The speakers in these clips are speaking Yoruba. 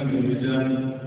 kami b e r j a l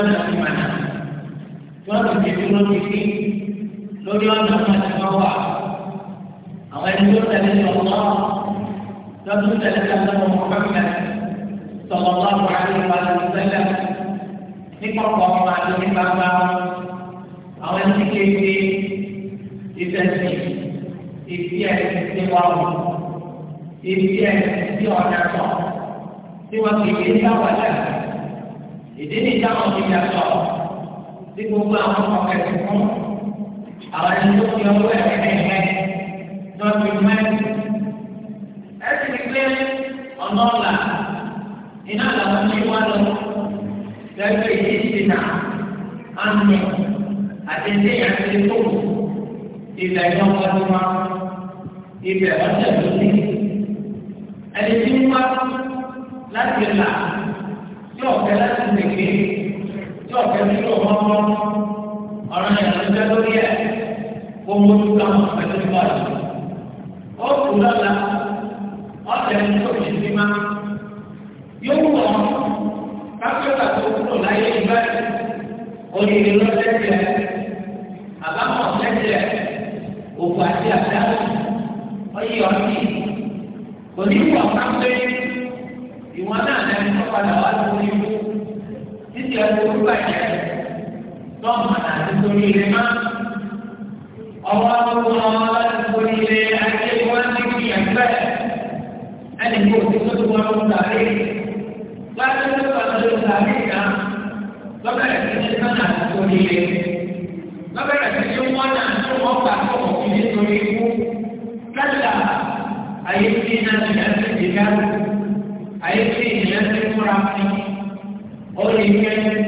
ọ̀nà ìmọ̀nà tí wọ́n ti fi dúró títí lórí ọ̀nà ìmọ̀nà tí wọ́n wà. àwọn ẹni tó tẹ̀lé ní ọ̀nà lọ́dún tẹ̀lé tẹ̀lé ọmọ pẹ́pẹ́ sọ̀rọ̀ lọ́wọ́ àdéhùn àdéhùn tẹ́lẹ̀ nípa ọ̀pọ̀ ọmọ àdéhùn gbàgbà àwọn ẹni kékeré ìfẹ̀sìn ìfi ẹ̀sìn sí wa wò ìfi ẹ̀sìn sí ọ̀nà sọ̀ tí wọ́n kékeré bá wà láti ìdí ní ìdáhùn ti yàtọ̀ tí gbogbo àwọn ọkọ̀ ẹ̀sìn fún àwọn ẹni tó fi ọwọ́ ẹ̀ ẹ̀ẹ́dẹ́gbẹ́ náà fi mọ́ ẹ̀sìn. ẹ̀sìn ní pé ọ̀nà ọ̀la iná làwọn ní wá lọ lẹ́gbẹ̀ẹ́ ìdí ìdìnnà àmì àtẹ̀lé àti tó ìgbà ìjọba tó wá ìgbà ọ̀sẹ̀ tó ní ẹni tí wá láti là tí ọ̀fẹ́ láti tèké tí ọ̀fẹ́ tí ó mọ́ mọ́ ọ̀rọ̀ lórí ẹ̀ kó mójú káwọn ọ̀fẹ́ tó bá yìí. ó kù lọ́la ìdíkà àyè tí ìyẹn ti múra fún ọ lè yẹ.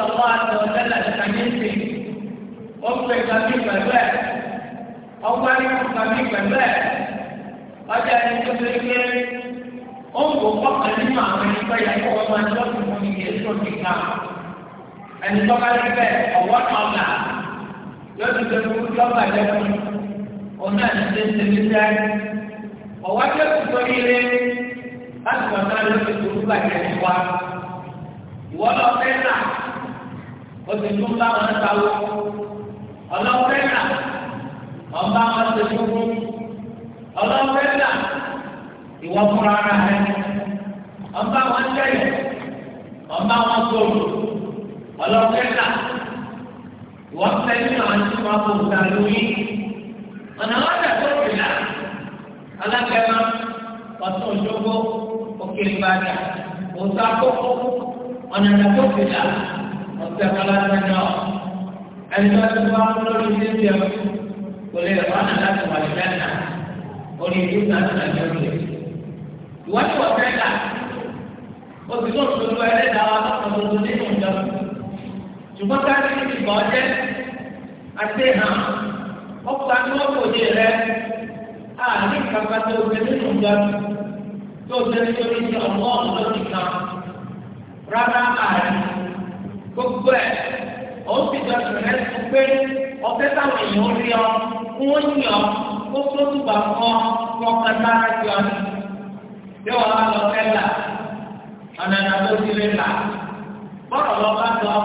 sọ̀rọ̀ àti ọ̀dẹ́lẹ̀ kàmíìsì ó pè kàmí pẹ̀lú ẹ̀ ọgbà ní kàmí pẹ̀lú ẹ̀ ọjà ẹni tó ṣe pé ó ń wò kọ́kàn nínú àwọn ẹni tó yẹ kó ọmọ ẹni tó ti mú ní ìyẹn tó ti ká ẹni tó bá rí bẹ́ẹ̀ ọ̀wọ́ ọ̀gá yóò ti ṣe fún lọ́gbà lẹ́kùn òun náà ti ṣe ń sẹ́ ọ̀wọ́ tó ti sọ ilé láti wọ̀ náà ló ti tó gbàgbé wa ìwọ́n lọ fẹ́ náà oṣù tó ń bá wọn sáwó ọlọ́pẹ́rà ọba wọn ṣe fúnfún ọlọ́pẹ́rà ìwọ fúnra ara rẹ ọba wọn tẹ̀lé ọba wọn sọ̀rọ̀ ọlọ́pẹ́rà ìwọ fẹ́ẹ́ ní àwọn tí wọ́n kò gbà lórí ọ̀nà wọn tẹ̀ tó rìn náà alágbẹ̀mọ ọ̀tún òjòkó òkèlè bàjá òtún akókó ọ̀nà ìdàgbò fìlà ìtàkàlà nàìjíríà ẹni tó ti wá lórí ilé ìjẹ kò lè wà nà láti wà ní dáná orí ìlú náà nà ní orí ìwádìí wọ fẹ́ẹ́ta òsì tó tó lọ ẹlẹ́dàá wa lọ́kọ̀ọ́dọ́ nínú ìjọ ṣùgbọ́n káàkiri ìgbà ọjẹ́ àti hàn ọkọ̀ àti wọn kò dé rẹ àní kàkà tó o ṣe nínú ìjọ tó o ṣe nítorí ìjọ ọmọ ọ̀dọ́ nìkan rárá àárín gbogbo ẹ̀ ó sì jọ ìrẹ́ tó pé ọ̀fẹ́ táwọn èèyàn rí ọ kí wọ́n yìn ọ kó tó tùbà fún ọ kí wọ́n kan sára sí ọ ní. bí wọ́n bá lọ fẹ́ là ọ̀nà ìdàgbò ti lè là bọ́ọ̀rọ̀ lọ bá lọ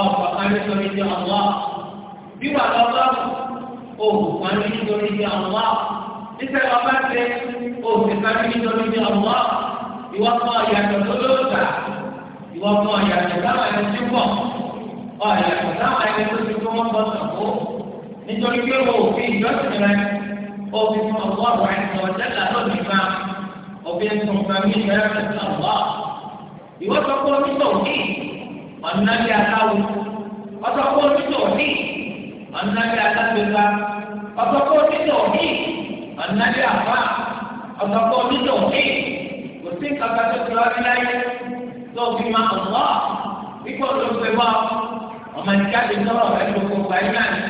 ọ̀pọ̀ kan nítorí ti ọ̀wọ́ bí wà lọ bá òògùn kan nítorí ti ọ̀wọ́ níṣẹ́ lọ bá ṣe òògùn kan nítorí ti ọ̀wọ́ ìwọ́pọ̀ ìyàtọ̀ tó lóògbà ìwọ fún ọ̀yà ìdáhùn ẹni tí pọ̀ ọ̀yà ìdáhùn ẹni tó ti tó wọ́n bọ́ sọ̀kó nítorí pé o ò fi ìjọsìn rẹ o fi fún ọ̀pọ̀ ọ̀rọ̀ ẹ̀sìn ọ̀jẹ́lá lónìí ma òfin fún fami ìrẹ́pẹ̀ sí ọ̀wọ́ ìwọ sọ pé onítọ̀ ní ọ̀nà bí aláwo ọsọ pé onítọ̀ ní ọ̀nà bí alágbèéká ọsọ pé onítọ̀ ní ọ̀nà bí ọsọ pé onítọ̀ ní kò sí kàkàtúntò ọ̀rẹ́ lọ́wọ́ fi máa ń wá wípé ọ̀dọ́ ń pè wá ọmọ ìjáde sọ̀rọ̀ rẹ̀ ló kó gbà yín àná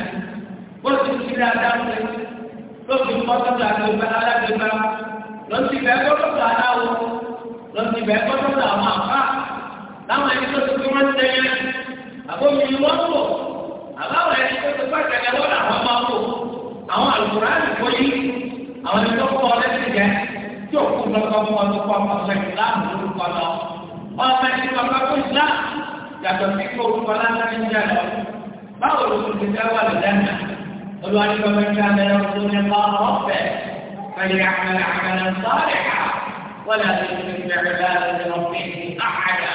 bó ti ti rí adáṣe ló fi kọ́ sọ́dọ̀ àgbègbè alágbègbè ló ti bẹ́ẹ̀ kọ́ sọ́dọ̀ aláwo ló ti bẹ́ẹ̀ kọ́ sọ́dọ̀ àwọn àbá láwọn ẹni tó ti fi wọ́n tẹ́lẹ̀ àbómi ni wọ́n wò àbáwọn ẹni tó ti pàtẹ́lẹ̀ wọ́n làwọn máa wò àwọn àlùkò ọmọ ẹni bàbá fún islam yàtọ̀ sí kó orúkọ lásán ní ìjà lọ báwo ló tún ti fẹ́ wà lọ́dẹ́nà olùwárí bàbá ń ká mẹ́rin ọdún ní bá ọ̀fẹ́ fẹ́lẹ́ àmàlà àmàlà sọ́ọ̀rẹ̀ ká wọ́n lè fi fi bẹ̀rẹ̀ láàrin ọ̀fẹ́ àhàdà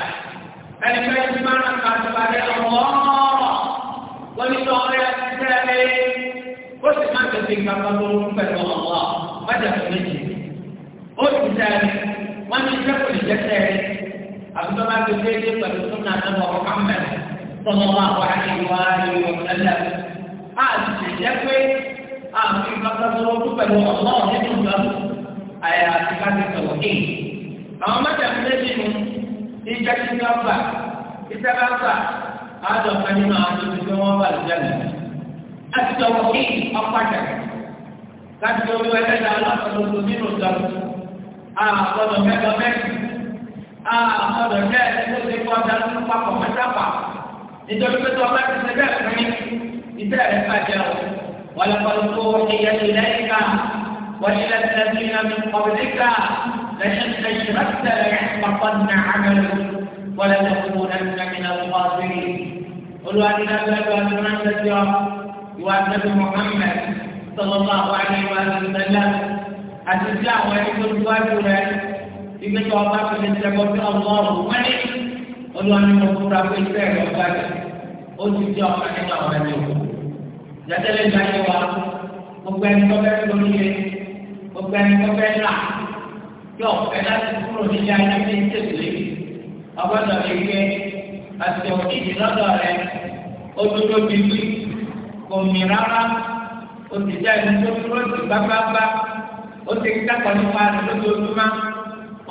ẹni fẹ́ ti máa ń ka ìpàdé ọ̀wọ́ wọ́n ní sọ́ọ̀rẹ́ àti sẹ́ẹ̀lẹ́ ó sì máa tẹ̀sí ìgbàgbọ́ lórúkọ pẹ̀lú ọ̀wọ́ májà tó méjì ó sì sẹ́ẹ̀lẹ́ wọ́n ní sẹ́kùn ìjẹ́sẹ́ẹ̀lẹ́ àbí tó bá ti déédéé pẹ̀lú súnà náà Muhammad sọmọ àwọn àyèwò àyèwò ẹlẹ́. a ti jẹ́ pé àfi kọ́kọ́tọ́ tó pẹ̀lú ọlọ́run nínú ìjọ àyà àti káfí sọ̀rọ̀ kí. àwọn mẹ́ta méjì nu ìjẹ́ kí wọ́n gbà ìjẹ́ bá gbà á jọ kan nínú àwọn tó ti fi wọ́n wà lójà lọ. a ti sọ̀rọ̀ kí ọ̀pàjà láti fi olú ẹlẹ́dàá lọ́sọ̀rọ̀ nínú ìjọ àwọn ọ̀pọ̀lọpọ̀ mẹ́ta mẹ́rin àmọ́dọ̀ jẹ́ ẹni tó ti kọ́ dáná ní papọ̀ mẹ́tàpá nítorí pé tó bá ti ṣe bẹ́ẹ̀ fún mi ìṣe rẹ̀ bàjẹ́ o wọ́n lè kọ́ lóko ìyẹn ilẹ̀ ìka wọ́n ti lẹ́sẹ̀ lẹ́sẹ̀ iná mi ọ̀bẹ̀lẹ̀ ìka lẹ́sẹ̀ lẹ́sẹ̀ lẹ́sẹ̀ lẹ́sẹ̀ papọ̀ nà ágàlù wọ́n lè lọ fún un ẹ̀ka mi náà wọ́n sí i olùwàdìdàgbẹ́ àti ìdílé àwọn ẹni tó ti wájú rẹ̀ ibi tí ọba fi lè sẹ́kọ̀ọ́ sí ọlọ́run wẹ́lẹ́ olùwàní mo fura pé iṣẹ́ rẹ̀ ọba rẹ̀ ó ti di ọba nínú àwọn ẹni o. Jẹ́tẹ́lẹ̀ gba yẹ wa gbogbo ẹni tó fẹ́ tó níye gbogbo ẹni tó fẹ́ là yọ ẹ̀dá ti kúrò nílé ayé ní ìtẹ̀sílẹ̀ ọgbọ́dọ̀ lè gbé àtẹ̀wò ìdí lọ́dọ̀ rẹ̀ ó dúró bíbí kò mí rárá ó ti jẹ́ ẹni tó dúró sí gbágbágbá ó ti dákọ̀ nípa lójoojúmọ́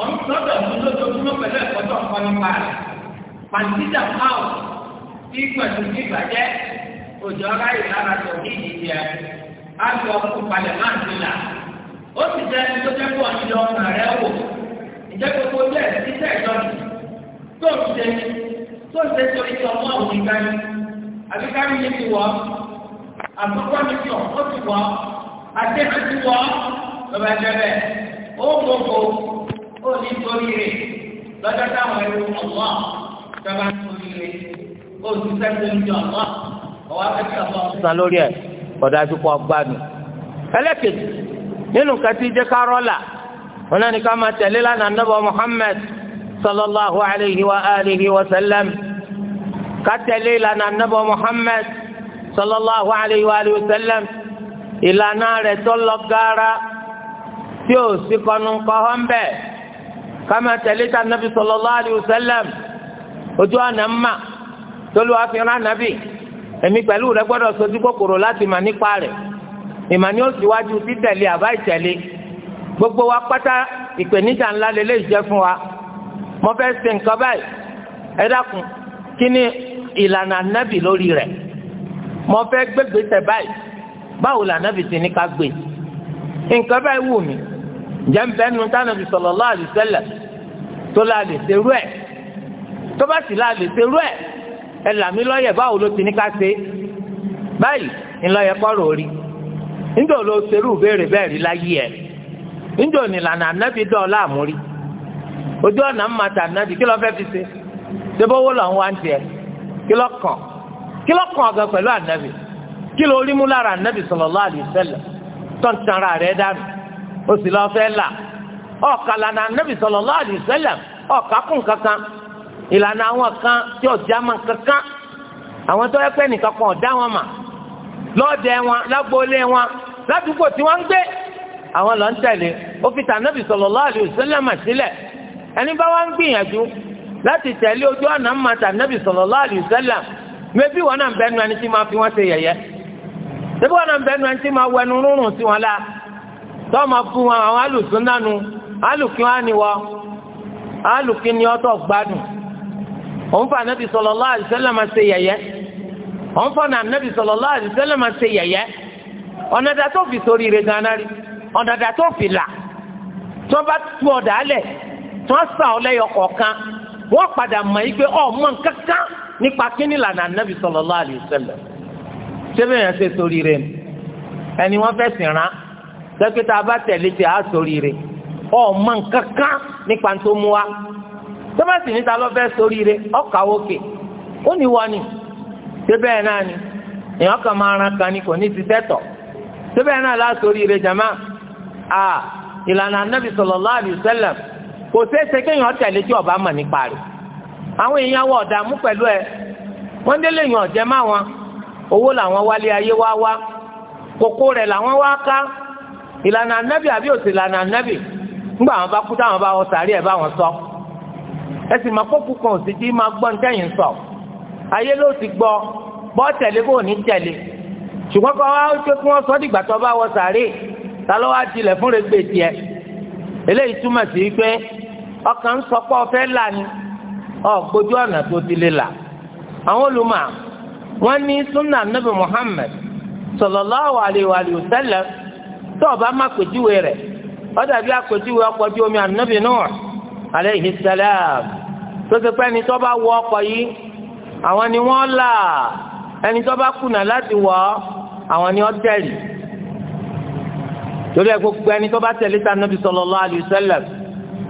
ọ̀n sọ́dọ̀ mú lójoojúmọ́ pẹ̀lú ẹ̀kọ́ tó ń kọ́ nípa rẹ̀ pàǹtíjà máwù tí pẹ̀lú ní ìbàjẹ́ òjò ọ̀rá ìlara tó ní ìdíje ẹ̀ á lọ kó palẹ̀ máa ń tilà ó sì jẹ́ ẹni tó jẹ́ kó ọ̀n yọ ọ̀nà rẹ̀ wò ìjẹ́ gbogbo jẹ́ ìṣiṣẹ́ ìjọba tó ń ṣe tó ń ṣe torí ti ọmọ òun nìkan ni àbíkárí yìí ti wọ̀ àtúkọ́ mi ti ọ̀ ó ti wọ̀ àti ẹ̀ka ti wọ̀ lọ́ba jẹ́ bẹ́ẹ̀ ó gbogbo ó ní torí rẹ̀ lọ́jọ́ táwọn ẹrú ọ̀wọ́ ìjọba torí rẹ̀ ó ti sẹ́kọ̀ọ́ ní ọ̀wọ́ ọ̀wọ́ akẹ́kọ̀ọ́ ọ̀wọ́. san lórí ẹ kọ̀dá tó kọ́ gbádùn. ẹlẹ́kẹ̀jì nínú kẹtí jẹ́ kárọ́là wọn náà ní ká máa tẹ̀lé lánàá nàbọ̀ Muhammad sallallahu alayhi wa alihi wa sallam ká tẹ̀lé lánàá nàbọ̀ Muhammad sallallahu alayhi wa alihi wa sallam ìlànà rẹ̀ tó lọ gaara tí ò sí kọnu kọ́ hàn bẹ́ẹ̀ kama tẹ̀lé ta nabi sallallahu alayhi wa sallam ojú àná mà tolu àfihàn ànábì èmi pẹ̀lú rẹ gbọ́dọ̀ sojú kòkòrò láti mà nípa rẹ̀ ìmọ̀ ni ó síwájú títẹ̀lé àbá ìtẹ̀lé gbogbo wa pátá ìpèníjà ńlá lélẹ́yìí jẹ́ fún wa mo fẹ́ ṣe nǹkan báyìí ẹ dákun kí ni ìlànà ànábì lórí rẹ̀ mo fẹ́ gbégbèsè báyìí báwo lànábì ti ní ká gbé nǹkan báyìí wù mí jẹ́ ń bẹ́ẹ̀ nu tánàbì tó láàlè serú ẹ̀ tó bá sì láàlè serú ẹ̀ ẹ là mí lọ́yẹ̀ báwo ló ti ní ká ṣe báyìí ńlọ́yẹ̀ kọ́rọ̀ orí níjọ́ ló serú béèrè bẹ́ẹ̀ rí láyé ẹ̀ níjọ́ nílànà ànábì dọ́ọ̀lá àmúrí ojú ọ̀nà ń mata ànábì kí ló fẹ́ fi ṣe ṣé bówó lọ́n wá ń tiẹ̀ kí ló kàn kí ló kàn ọ̀gá pẹ̀lú ànábì kí ló rí mú lára ànábì sallallahu alaihi wasallam tó ń tanra rẹ̀ dànù ó sì lọ́ fẹ́ là ọ̀ka lànà anabi sallallahu alaihi wasallam ọ̀ka kún kankan ìlànà àwọn kan tí ọ̀já máa kankan àwọn tó yẹ pé nìkan kan ọ̀dá wọn mà lọ́ọ̀dẹ wọn lágbóolé wọn ládùúgbò tí wọ́n ń gbé àwọn lọ́n tẹ̀lé ó fi tànàbì sallallahu alaihi wasallam sílẹ̀ ẹni bá wá ń gbìyànjú láti tẹ̀lé ojú ọ̀nà máa tànàbì sallallahu alaihi wasallam mẹ́bí wọn náà ń bẹnu ẹni tí máa fi wọ́n ṣe yẹ̀yẹ́ mẹ́bí wọn náà ń bẹnu ẹni tí máa wẹnu rúnrún sí wọn la tọ́ ma fún wọn àwọn alùsùn nánu alùpùpù wa ni wọ alùpùpù ni ọtọ gbádùn òun fa anabi sallallahu alaihi wasallam máa ṣe yẹ̀yẹ́ òun fa anabi sallallahu alaihi wasallam máa ṣe yẹ̀yẹ́ ọ̀nàdà tó fi sórí rẹ̀ gánà rí ọ̀nàdà tó fi là tí wọ́n bá tu ọ̀dà alẹ̀ tí wọ́n sà ọ́ lẹ́yọ kọ̀ọ̀kan wọ́n padà mọ̀ yí ọmọ nkankan nípa kíní lànà anabi sallallahu alaihi wasallam sẹ́bẹ̀ yẹn ṣe sórí rẹ̀ ẹni wọ́n fẹ́ sìn rán dókítà abátẹ̀lẹ́tẹ̀ á sórí rẹ̀ ọ̀ọ́mọ nkankan nípa tó mú wa tó bá lọ níta lọ́fẹ́ sórí rẹ ọkà òkè ó ní wọ́n ni ṣé náà ni èèyàn kan máa ran kan ni kò ní ti tẹ́tọ̀ ṣé náà rẹ jama a ìlànà anabi sallallahu alaihi wasallam kò ṣeé ṣe kéèyàn tẹ̀lé tí ọba mọ̀ nípa rẹ̀ àwọn èèyàn wọ̀ ọ̀dààmú pẹ̀lú ẹ wọ́n délé èèyàn ọ̀jẹ́ má wọn owó làwọn wálé ayé wá wá kókó rẹ̀ làwọn wá ká ìlànà anábì àbí òsì ìlànà nígbà àwọn bá kú táwọn bá wọn sàárì ẹ̀ bá wọn sọ ẹ sì máa kókù kan òsì tí máa gbọ́ nítẹ̀yìn sọ ayé ló ti gbọ́ bọ́ tẹ̀lé bó ní tẹ̀lé ṣùgbọ́n kọ́ wá ṣe kí wọ́n sọ dìgbà tó bá wọn sàárì ta ló wá fún regbe tiẹ̀ eléyìí túmọ̀ sí pé ọkàn ń là ọ ọ̀nà tó ti lè là àwọn olùmọ̀ wọn ní ọba má pèjúwe ó dàbí àpèjúwe ọkọ̀ ojú omi ànábì Nuh alayhi salam tó ti pẹ́ ẹni tó bá wọ ọkọ̀ yìí àwọn ni wọ́n là ẹni tó bá kùnà láti wọ̀ àwọn ni ó tẹ̀lé torí ẹ gbogbo ẹni tó bá tẹ̀lé ta nàbì sallallahu alayhi wasallam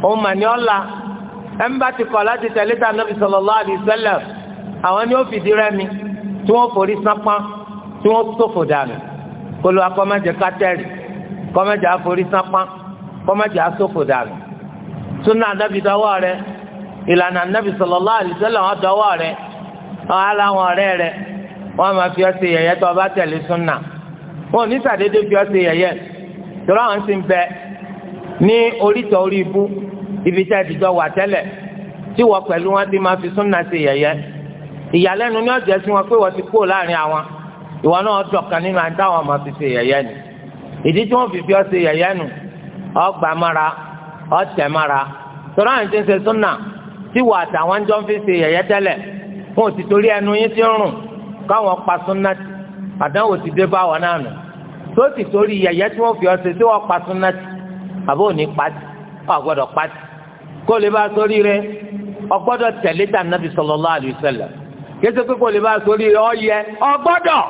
òun mà ní ọ̀la ẹni bá ti kọ̀ láti tẹ̀lé ta nàbì sallallahu alayhi wasallam àwọn ni ó fìdí rẹmi tí wọ́n forí sápán tí wọ́n sòfò dànù kólú akọ́mẹ́jẹ kátẹ́rì kọ́mẹ́jẹ àforí sápán kọ́mọ̀jà sófò dànù súnà anábì dọwọ́ rẹ ìlànà anábì sallallahu alaihi wasallam wọn dọwọ́ rẹ wọn á láwọn ọ̀rẹ́ rẹ wọn máa fi ọsẹ yẹyẹ tó ọba tẹ̀lé súnà wọn ò ní sàdédé fi ọsẹ yẹyẹ tọ́lá wọn sì ń bẹ ní orítọ̀ orí ibú ibi tẹ́ ìdìjọ wà tẹ́lẹ̀ tí wọ́n pẹ̀lú wọn ti máa fi súnà ṣe yẹyẹ ìyàlẹ́nu ni ọ̀jẹ̀ sí wọn pé wọ́n ti kó láàrin àwọn ìwọ náà dọ̀kan nínú àǹtáwọn máa fi ṣe yẹyẹ nù ìdí tí wọ́n fi fi ọsẹ yẹyẹ nù ọgbà mara ọtẹ mara sọ̀rọ̀ àwọn ìjẹsẹ súnà tí wà àtàwọn jọ ń fi ṣe yẹ̀yẹ́ tẹ́lẹ̀ fún òtítọ́rí ẹnu yín ti ń rùn káwọn pa súnà àdánwò ti dé bá wọn náà nù tó ti torí yẹ̀yẹ́ tí wọ́n fi ọsẹ tí wọ́n pa súnà àbó òní pati wọ́n àgbọ́dọ̀ pati kó lè bá sórí rẹ ọgbọ́dọ̀ tẹ̀lé tà nàbì sallallahu alaihi wasallam kése pé kó lè bá sórí rẹ ọyẹ ọgbọ́dọ̀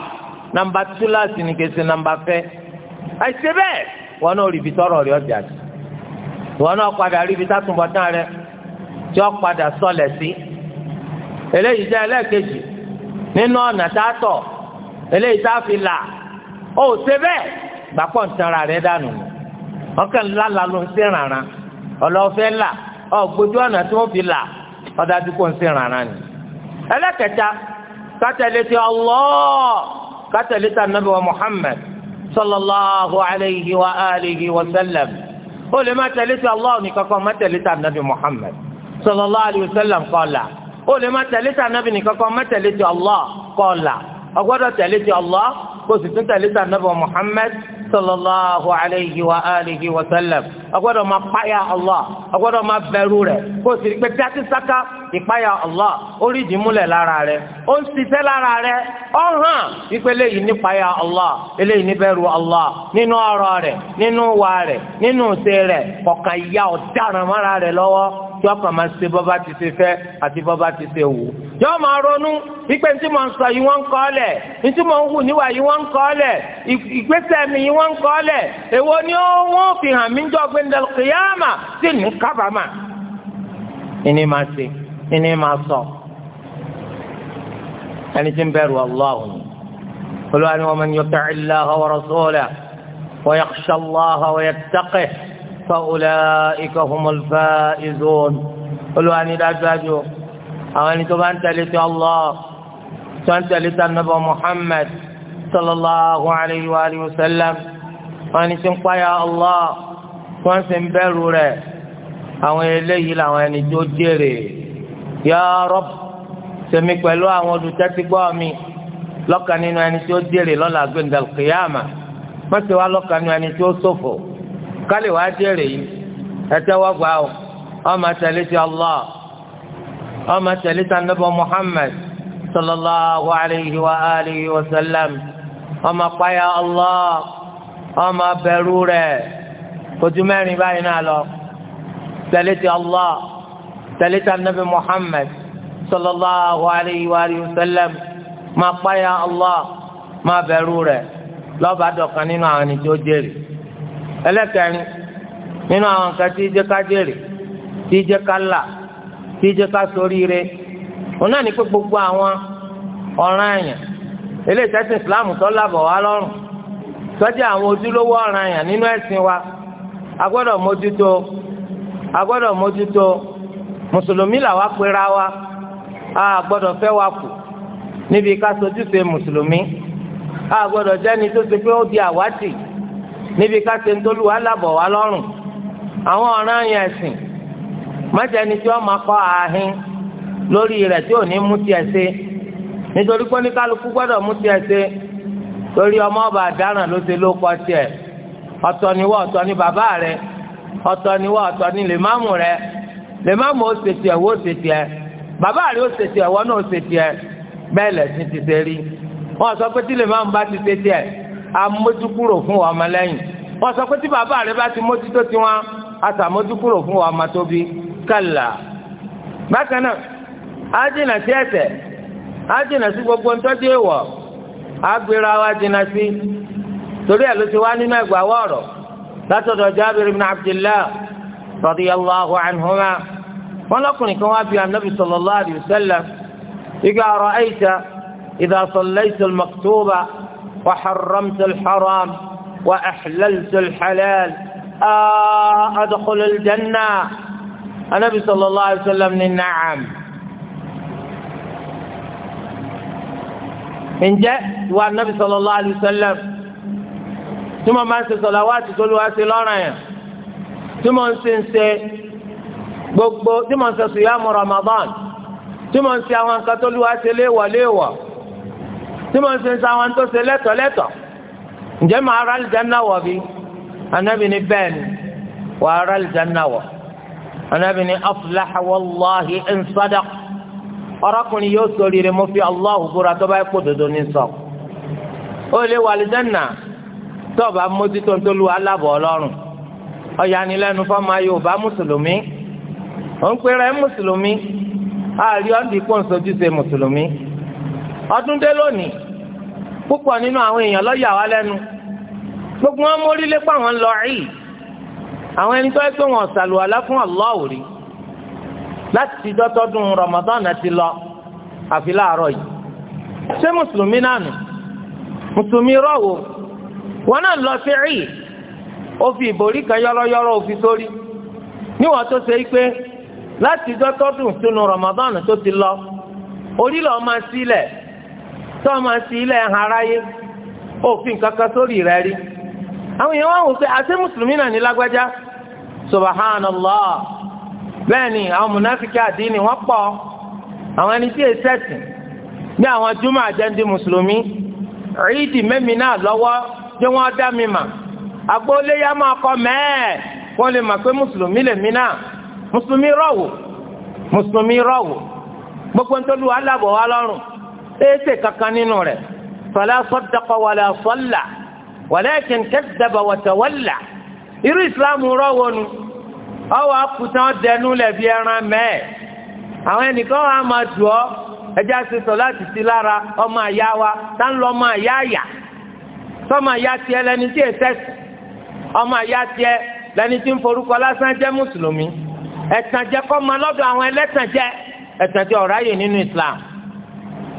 nàmbà túláàsì ni kése nàmbà fẹ́ àìsè bẹ́ẹ̀ wọn náà rí ibi tọrọ rẹ ọjà wọn náà padà rí ibi rẹ tí wọn padà sọlẹ̀ sí eléyìí jẹ́ ẹlẹ́ẹ̀kejì nínú ọ̀nà tààtọ̀ eléyìí tá a fi là ó ṣe bẹ́ẹ̀ gbàpọ̀ ntara rẹ dànù ọkàn ló ń rànran ọlọ́fẹ́ là ọ̀gbójú ọ̀nà tí wọ́n fi là ọ̀dà àdúgbò ń rànran ni. ẹlẹ́kẹta anábẹ́wọ̀ sallallahu alayhi wa alihi wa sallam ó lè má tẹ̀lé ti Allah nìkan kan má tẹ̀lé ti anabi Muhammad sallallahu alayhi wa sallam kọ́la ó lè má tẹ̀lé ti anabi nìkan kan má tẹ̀lé ti Allah kọ́la ó gbọ́dọ̀ tẹ̀lé ti Allah kó sì tún tẹ̀lé ti anabi Muhammad sallallahu alayhi wa alihi wa sallam agbọ́dọ̀ máa páyà allah agbọ́dọ̀ máa bẹ̀rù rẹ̀ kó o sì pé dájú sáká ìpáyà allah ó rí ìdìmúlẹ̀ lára rẹ̀ ó ń ṣiṣẹ́ lára rẹ̀ ó hàn wípé eléyìí ní páyà allah eléyìí ní bẹ̀rù allah nínú ọ̀rọ̀ rẹ̀ nínú wa rẹ̀ nínú ṣe rẹ̀ kọ̀ọ̀kan ìyá ọ̀daràn mọ́ra rẹ̀ lọ́wọ́ yọ kàn máa ṣe bọ́ bá ti ṣe fẹ́ àti bọ́ bá ti ṣe wù. yọ máa ronú ipe tí mo ń sọ yìí wọ́n ń kọ́ lẹ̀ tí mo ń hù níwà yìí wọ́n ń kọ́ lẹ̀ ìgbésẹ̀ mi yìí wọ́n ń kọ́ lẹ̀ èwo ni ó wọ́n fi hàn mí jọ pé ndẹ̀lù kìyàmà sí ní kábàámà. ìní máa ṣe ìní máa sọ ẹni tí ń bẹ̀rù ọlọ́ọ̀ olùwàní wọn mọ̀ ní yọ فأولئك هم الفائزون قلوا أني لا تجو أو أني تبان تلت الله تبان تلت النبي محمد صلى الله عليه وآله وسلم أني سنقى يا الله وأن سنبروا له أو إليه لأو أني يا رب sẹmi pẹ̀lú àwọn olùtẹ́tígbọ́ mi lọ́kàn nínú ẹni tí ó jèrè lọ́la gbẹ̀ndàlùkìyàmà mọ́sẹ̀ wá lọ́kàn nínú kálí wàá jẹ́rè yìí ẹ̀tẹ́wọ́ gbà ó ọmọ tẹ̀lé ti Allah ọmọ tẹ̀lé ti anabi Muhammad sallallahu alayhi wa alihi wa sallam ọmọ payà Allah ọmọ bẹ̀rù rẹ̀ kojú mẹ́rin báyìí náà lọ tẹ̀lé ti Allah tẹ̀lé ti anabi Muhammad sallallahu alayhi wa alihi wa sallam máa payà Allah máa bẹ̀rù rẹ̀ lọ́ba dọ̀kan nínú àwọn ẹni tó jẹ́rìí ẹlẹ́kẹ̀rin nínú àwọn nǹkan tí jẹ́ ká jèrè tí jẹ́ ká là tí jẹ́ ká soríire òun náà ní pé gbogbo àwọn ọ̀ràn àyàn eléyìí tẹ́sí ìsìláàmù tó lábọ̀ wá lọ́rùn sọ́jà àwọn ojúlówó ọ̀ràn àyàn nínú ẹ̀sìn wa a gbọ́dọ̀ mójútó a gbọ́dọ̀ mójútó mùsùlùmí làwa pera wa a gbọ́dọ̀ fẹ́ wa kù níbi ká sojúṣe mùsùlùmí a gbọ́dọ̀ jẹ́ni tó ṣe pé ó di àwátì. níbi ká ṣe ń tolú wa lábọ̀ lọ́rùn àwọn ọ̀ràn yẹn tí wọ́n máa kọ́ ààhín lórí rẹ̀ tí ò ní mú tiẹ̀ nítorí pé kálukú gbọ́dọ̀ mú tiẹ̀ torí ọmọ ọba àdáràn ló ṣe ló kọ́ tiẹ̀ ọ̀tọ̀ ni ọ̀tọ̀ ni bàbá ọ̀tọ̀ ni ọ̀tọ̀ ni lèmáàmù lèmáàmù ó tiẹ̀ tiẹ̀ bàbá ti amójúkúrò fún wa ọmọlẹ́yìn wọ́n sọ pé tí bàbá rẹ bá ti mójútó tiwọn àtàmójúkúrò fún wa ọmọ tó bí kàlà bákan náà á jìnà sí ẹ̀ṣẹ̀ á jìnà sí gbogbo ntọ́jú èèwọ̀ á gbéra wa jìnà sí torí ẹ̀ ló ti wá nínú ẹgbàá wọ̀rọ̀ látọ̀dọ̀ Jábir ibn Abdillah radiyallahu anhuma wọn lọkùnrin kan wá bí anabi sallallahu alayhi wa sallam igi àrò àyíṣà ìdásọ̀lẹ́sọ̀ mọ̀tòbà. وحرمت الحرام وأحللت الحلال آه أدخل الجنة النبي صلى الله عليه وسلم نعم إن جاء والنبي صلى الله عليه وسلم ثم ما صلوات تقول واسلونا ثم سنسي gbogbo tí mo ń ṣe sùyàmù Ramadan tí mo tí mo ń ṣe ń sa wọn tó ṣe lẹ́tọ̀ lẹ́tọ̀ ǹjẹ́ màá ra àlìjáná wọ̀ bí anábì ní bẹ́ẹ̀ ni wàá ra àlìjáná wọ̀ anábì ní aflaha wallahi in sadaq ọ̀rọ̀kùnrin yóò sọ̀rìrì mo fi Allahu búra tó bá yẹ kó dodo ní sọ. ó lè wà àlìjáná tó o bá mójútó ń tolú alábọ̀ ọlọ́run ọ̀yanilẹ́nu fọ́ọ̀mù ayé bá mùsùlùmí ò ń pèrè mùsùlùmí àárí ń sojú ṣe mùsùlùmí. ọdún dé lónìí púpọ̀ nínú àwọn èèyàn ló yà lẹ́nu gbogbo wọn mórí lépa àwọn lọ rí àwọn ẹni tó yẹ pé wọn ṣàlùwàlá fún ọlọ́ọ̀ rí láti dọ́tọ́dún Ramadan ti lọ àfi láàárọ̀ yìí ṣé mùsùlùmí náà nù mùsùlùmí wọn náà lọ sí rí ìbòrí kan yọ́rọ́yọ́rọ́ sórí níwọ̀n tó ṣe Ramadan tó ti lọ orí lọ́ọ́ máa sílẹ̀. Si tó o máa ilẹ̀ ẹ̀hàn aráyé òfin kankan sórí rẹ rí àwọn èèyàn wọn wò pé àti mùsùlùmí náà ní lágbájá subhanallah bẹ́ẹ̀ ni àwọn mùnáfíkì wọ́n pọ̀ àwọn ẹni tí èsì ẹ̀sìn bí àwọn júmọ̀ àjẹ́ndì mùsùlùmí rídì mẹ́mi náà lọ́wọ́ bí wọ́n dá mi mà agbóléyà máa kọ mẹ́ẹ̀ wọ́n lè pé mùsùlùmí náà mùsùlùmí mùsùlùmí gbogbo ń tọ́lu alábọ̀ éèsè kankan nínú rẹ̀ fala saddaqa wala salla walakin kadhdaba wa tawalla irú ìsìláàmù rọ́wọ́ nu ọwọ́ akután dẹnu lẹ̀bi ẹran mẹ́ẹ̀ àwọn ẹnìkan wà máa dù ọ́ ẹjẹ́ àṣetọ̀ láti ti lára ọmọ àyá wa tá ń lọ ọmọ àyá àyà sọmọ àyá tiẹ̀ lẹni tí èsì ọmọ àyá tiẹ̀ lẹni tí ń forúkọ lásán jẹ́ mùsùlùmí ẹ̀tànjẹ kọ́ máa lọ́dọ̀ àwọn ẹlẹ́tànjẹ ẹ̀tànjẹ ọ̀ráyè nínú ìsìláàmù.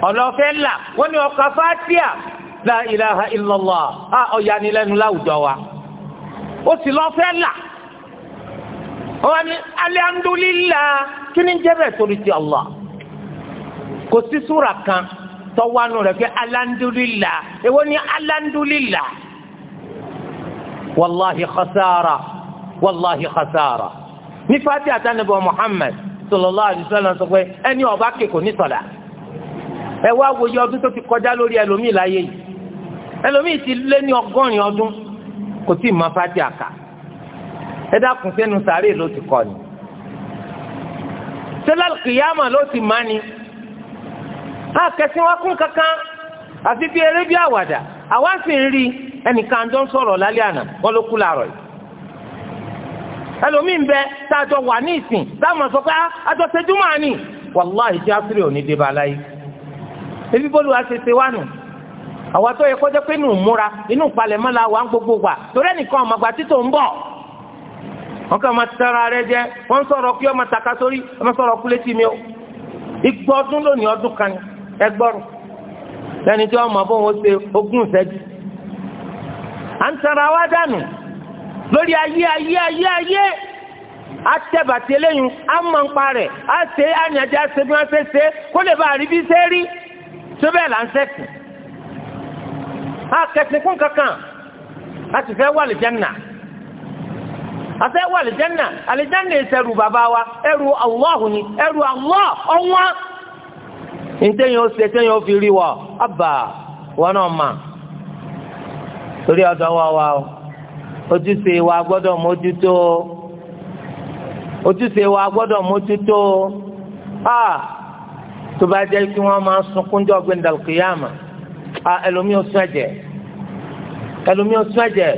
ọlọfẹ là wọn ni ọkà fatia la ilaha illallah a ọyanilẹnu láwùjọ wa ó sì lọfẹ là wọn ni alihamudulila kí ni jẹbẹ torí ti Allah kò sí súra kan tọwánu rẹ pé alihamudulila èwo ni alihamudulila wàláhi khasara wàláhi khasara ní fatia tani bọ Muhammad sallallahu alaihi wasallam sọ pé ẹni ọba kẹ ní sọlá ẹ wá wòye ọdún tó ti kọjá lórí ẹlòmíì láyé yìí ẹlòmíì ti lé ní ọgọ́rin ọdún kò tí ì mọ fati àkà ẹ dákun sẹ́nu sàárè ló ti kọ ni sẹ́lẹ̀ kìyàmà ló ti má ni a kẹsí wọn kún kankan àfi bí eré bí àwàdà àwa sì ń rí ẹnìkan tó ń sọ̀rọ̀ lálẹ́ àná wọn ló kú làárọ̀ yìí ẹlòmíín bẹ tá wà ní ìsìn táwọn sọ pé ah, a jọ ṣe júmọ̀ ni ò ní débà ebi bọ́ọ̀lù wa ṣe ṣe wá nù àwọn tó yẹ kọjá pé nù múra inú la wà ń gbogbo wa torí ẹnìkan ọmọgbà títò ń bọ̀ wọn kàn máa tẹ́ra rẹ jẹ wọn sọ̀rọ̀ kí ọmọ sórí kú létí mi o igbó ọdún lónìí ọdún kan ẹgbọ́rún lẹ́ni tí wọ́n mọ̀ wọn ṣe ogún ìṣẹ́jú à ń tẹ́ra wá dànù lórí ayé ayé ayé ayé ń àṣẹ bí wọ́n ṣe ṣe kó tó bẹ́ẹ̀ là ń a fún kankan a fẹ́ wà lìjẹ́nà a fẹ́ wà lìjẹ́nà àlìjẹ́nà ìṣẹ̀rù bàbá wa ẹrù Allahu ni ẹrù Allah ọ̀wọ́n ntẹ́yìn ó ṣe tẹ́yìn ó fi rí wọ ọba wọn náà mà torí wa wa o ojúṣe wa mójútó ojúṣe wa tó bá jẹ́ kí wọ́n máa sunkún jọ gbé ndàlùkìyàmà a ẹlòmíì ó sún ẹ̀jẹ̀ ẹlòmíì ó sún ẹ̀jẹ̀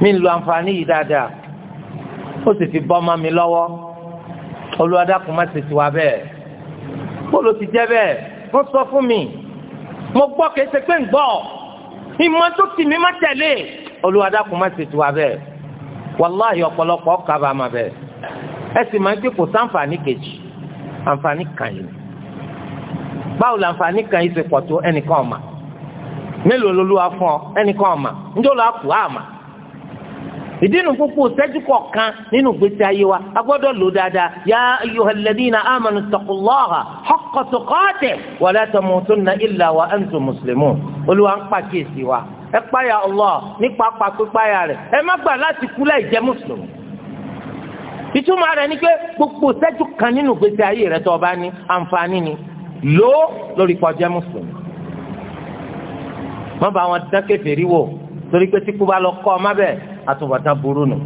mi lu àǹfààní yìí dáadáa ó sì fi bọ́ ọmọ mi lọ́wọ́ olùwádàkùn má sì ti wá bẹ́ẹ̀ bóòlù ti jẹ́ bẹ́ẹ̀ wọ́n sọ fún mi mo gbọ́ kìí ṣe pé ń gbọ́ ìmọ̀ tó má tẹ̀lé olùwádàkùn má sì ti wá bẹ́ẹ̀ wàláhì ọ̀pọ̀lọpọ̀ kábàámà bẹ́ẹ̀ ẹ sì máa ń pè kò sáǹfààní kejì àǹfààní kàn yìí báwo làǹfààní kan yìí ṣe pọ̀ tó ẹnìkan ọ̀mà mélòó lolúwa fún ọ ẹnìkan ọ̀mà njó lọ àpò àmà ìdínú púpọ̀ sẹ́jú kọ̀ọ̀kan nínú gbèsè ayé wa a gbọ́dọ̀ lò dáadáa yá ayyuhalladhina amanu taqullaha haqqa tuqatih wa la tamutunna illa wa antum muslimun olúwa ń pàkíyèsí wa ẹ páyà Allah nípa pàpípáyà rẹ̀ ẹ má gbà láti kú láì jẹ́ mùsùlùmí ìtumọ̀ rẹ̀ ni pé gbogbo sẹ́jú kan nínú gbèsè ayé rẹ̀ tó o bá ní àǹfààní ni lò ó lórí pọ̀jẹ́ mùsùlùmí. wọ́n bá wọn dán kèfèrí wò torí pé tí kú bá lọ kọ́ ọ má bẹ́ẹ̀ àtúbọ̀tán burú nù.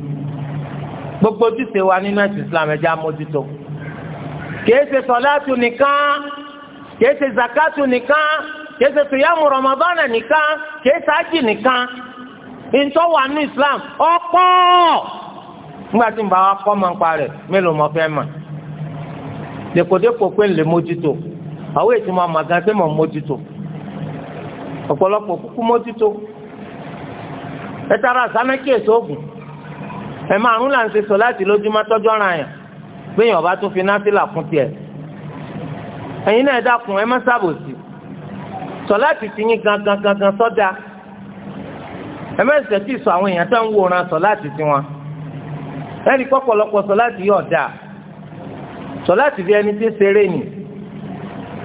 gbogbo ojúṣe wa nínú ẹ̀sìn Islam ẹ̀jẹ̀ amójútó. kìí ṣe sọ̀láàtù nìkan kìí ṣe zakatu nìkan kìí ṣe tìyàmù Ramadana nìkan kìí ṣe ájì nìkan. ìtọ́wà nínú Islam ọ̀pọ̀ nígbà tí n bá wa kọ́ mọ̀ nípa rẹ̀ mélòó mọ̀ fẹ́ mọ̀. dèkòdèkò pé ń lè mójútó àwọn ètò máa màgá pé mọ̀ mójútó ọ̀pọ̀lọpọ̀ kúkú mójútó ẹ tara sánákì èso oògùn ẹ máa rún láǹṣe sọ láti lójúmọ́ tọ́jú ara yẹn gbẹ̀yìn ọba tún fi náfìlà kún tiẹ̀ ẹ̀yin náà ẹ dákun ẹ má sábòsí sọ láti fi yín gangan gangan sọ́dà ẹ má ṣe tí sọ àwọn èèyàn tó ń wòran sọ láti fi wọn ẹnì pọ̀pọ̀lọpọ̀ sọ láti yọ̀ ọ̀dà sọ láti fi ẹni tí ń ṣeré nìí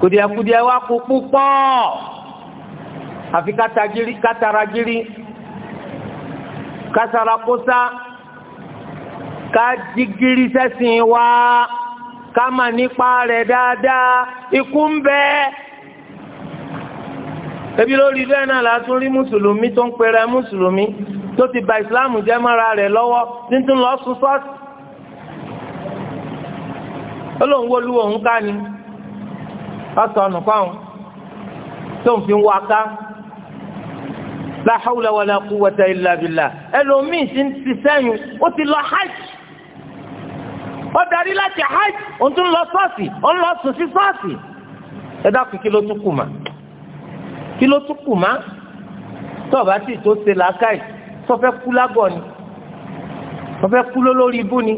kùdìẹ̀kùdìẹ̀ wa kú púpọ̀ àfi kátàràgírí kásàràkósá kájígírí sẹ́sìn wa ká mà nípa rẹ̀ dáadáa ikú ń bẹ ebi lórí bẹ́ẹ̀ náà la tún rí mùsùlùmí tó ń pèrè mùsùlùmí tó ti ba ìsìláàmù jẹ́ mọ́ra rẹ̀ lọ́wọ́ tuntun lọ́ọ́ sùn sọ́ọ̀sì ó lóun wo lu òun ká ni ọsọnù fáwọn tó ń fi wá ká la hawla wala quwwata illa billah ẹlòmíì ti ń ti sẹ́yìn ó ti lọ hajj ó darí láti hajj ó tún lọ ṣọ́ọ̀ṣì ó ń lọ sùn sí ṣọ́ọ̀ṣì ẹ dákun kí ló tún kù mà kí ló tún kù mà tó o bá sì tó ṣe làákàyè tó fẹ́ kú lágọ̀ ni tó fẹ́ kú lólórí ibú ni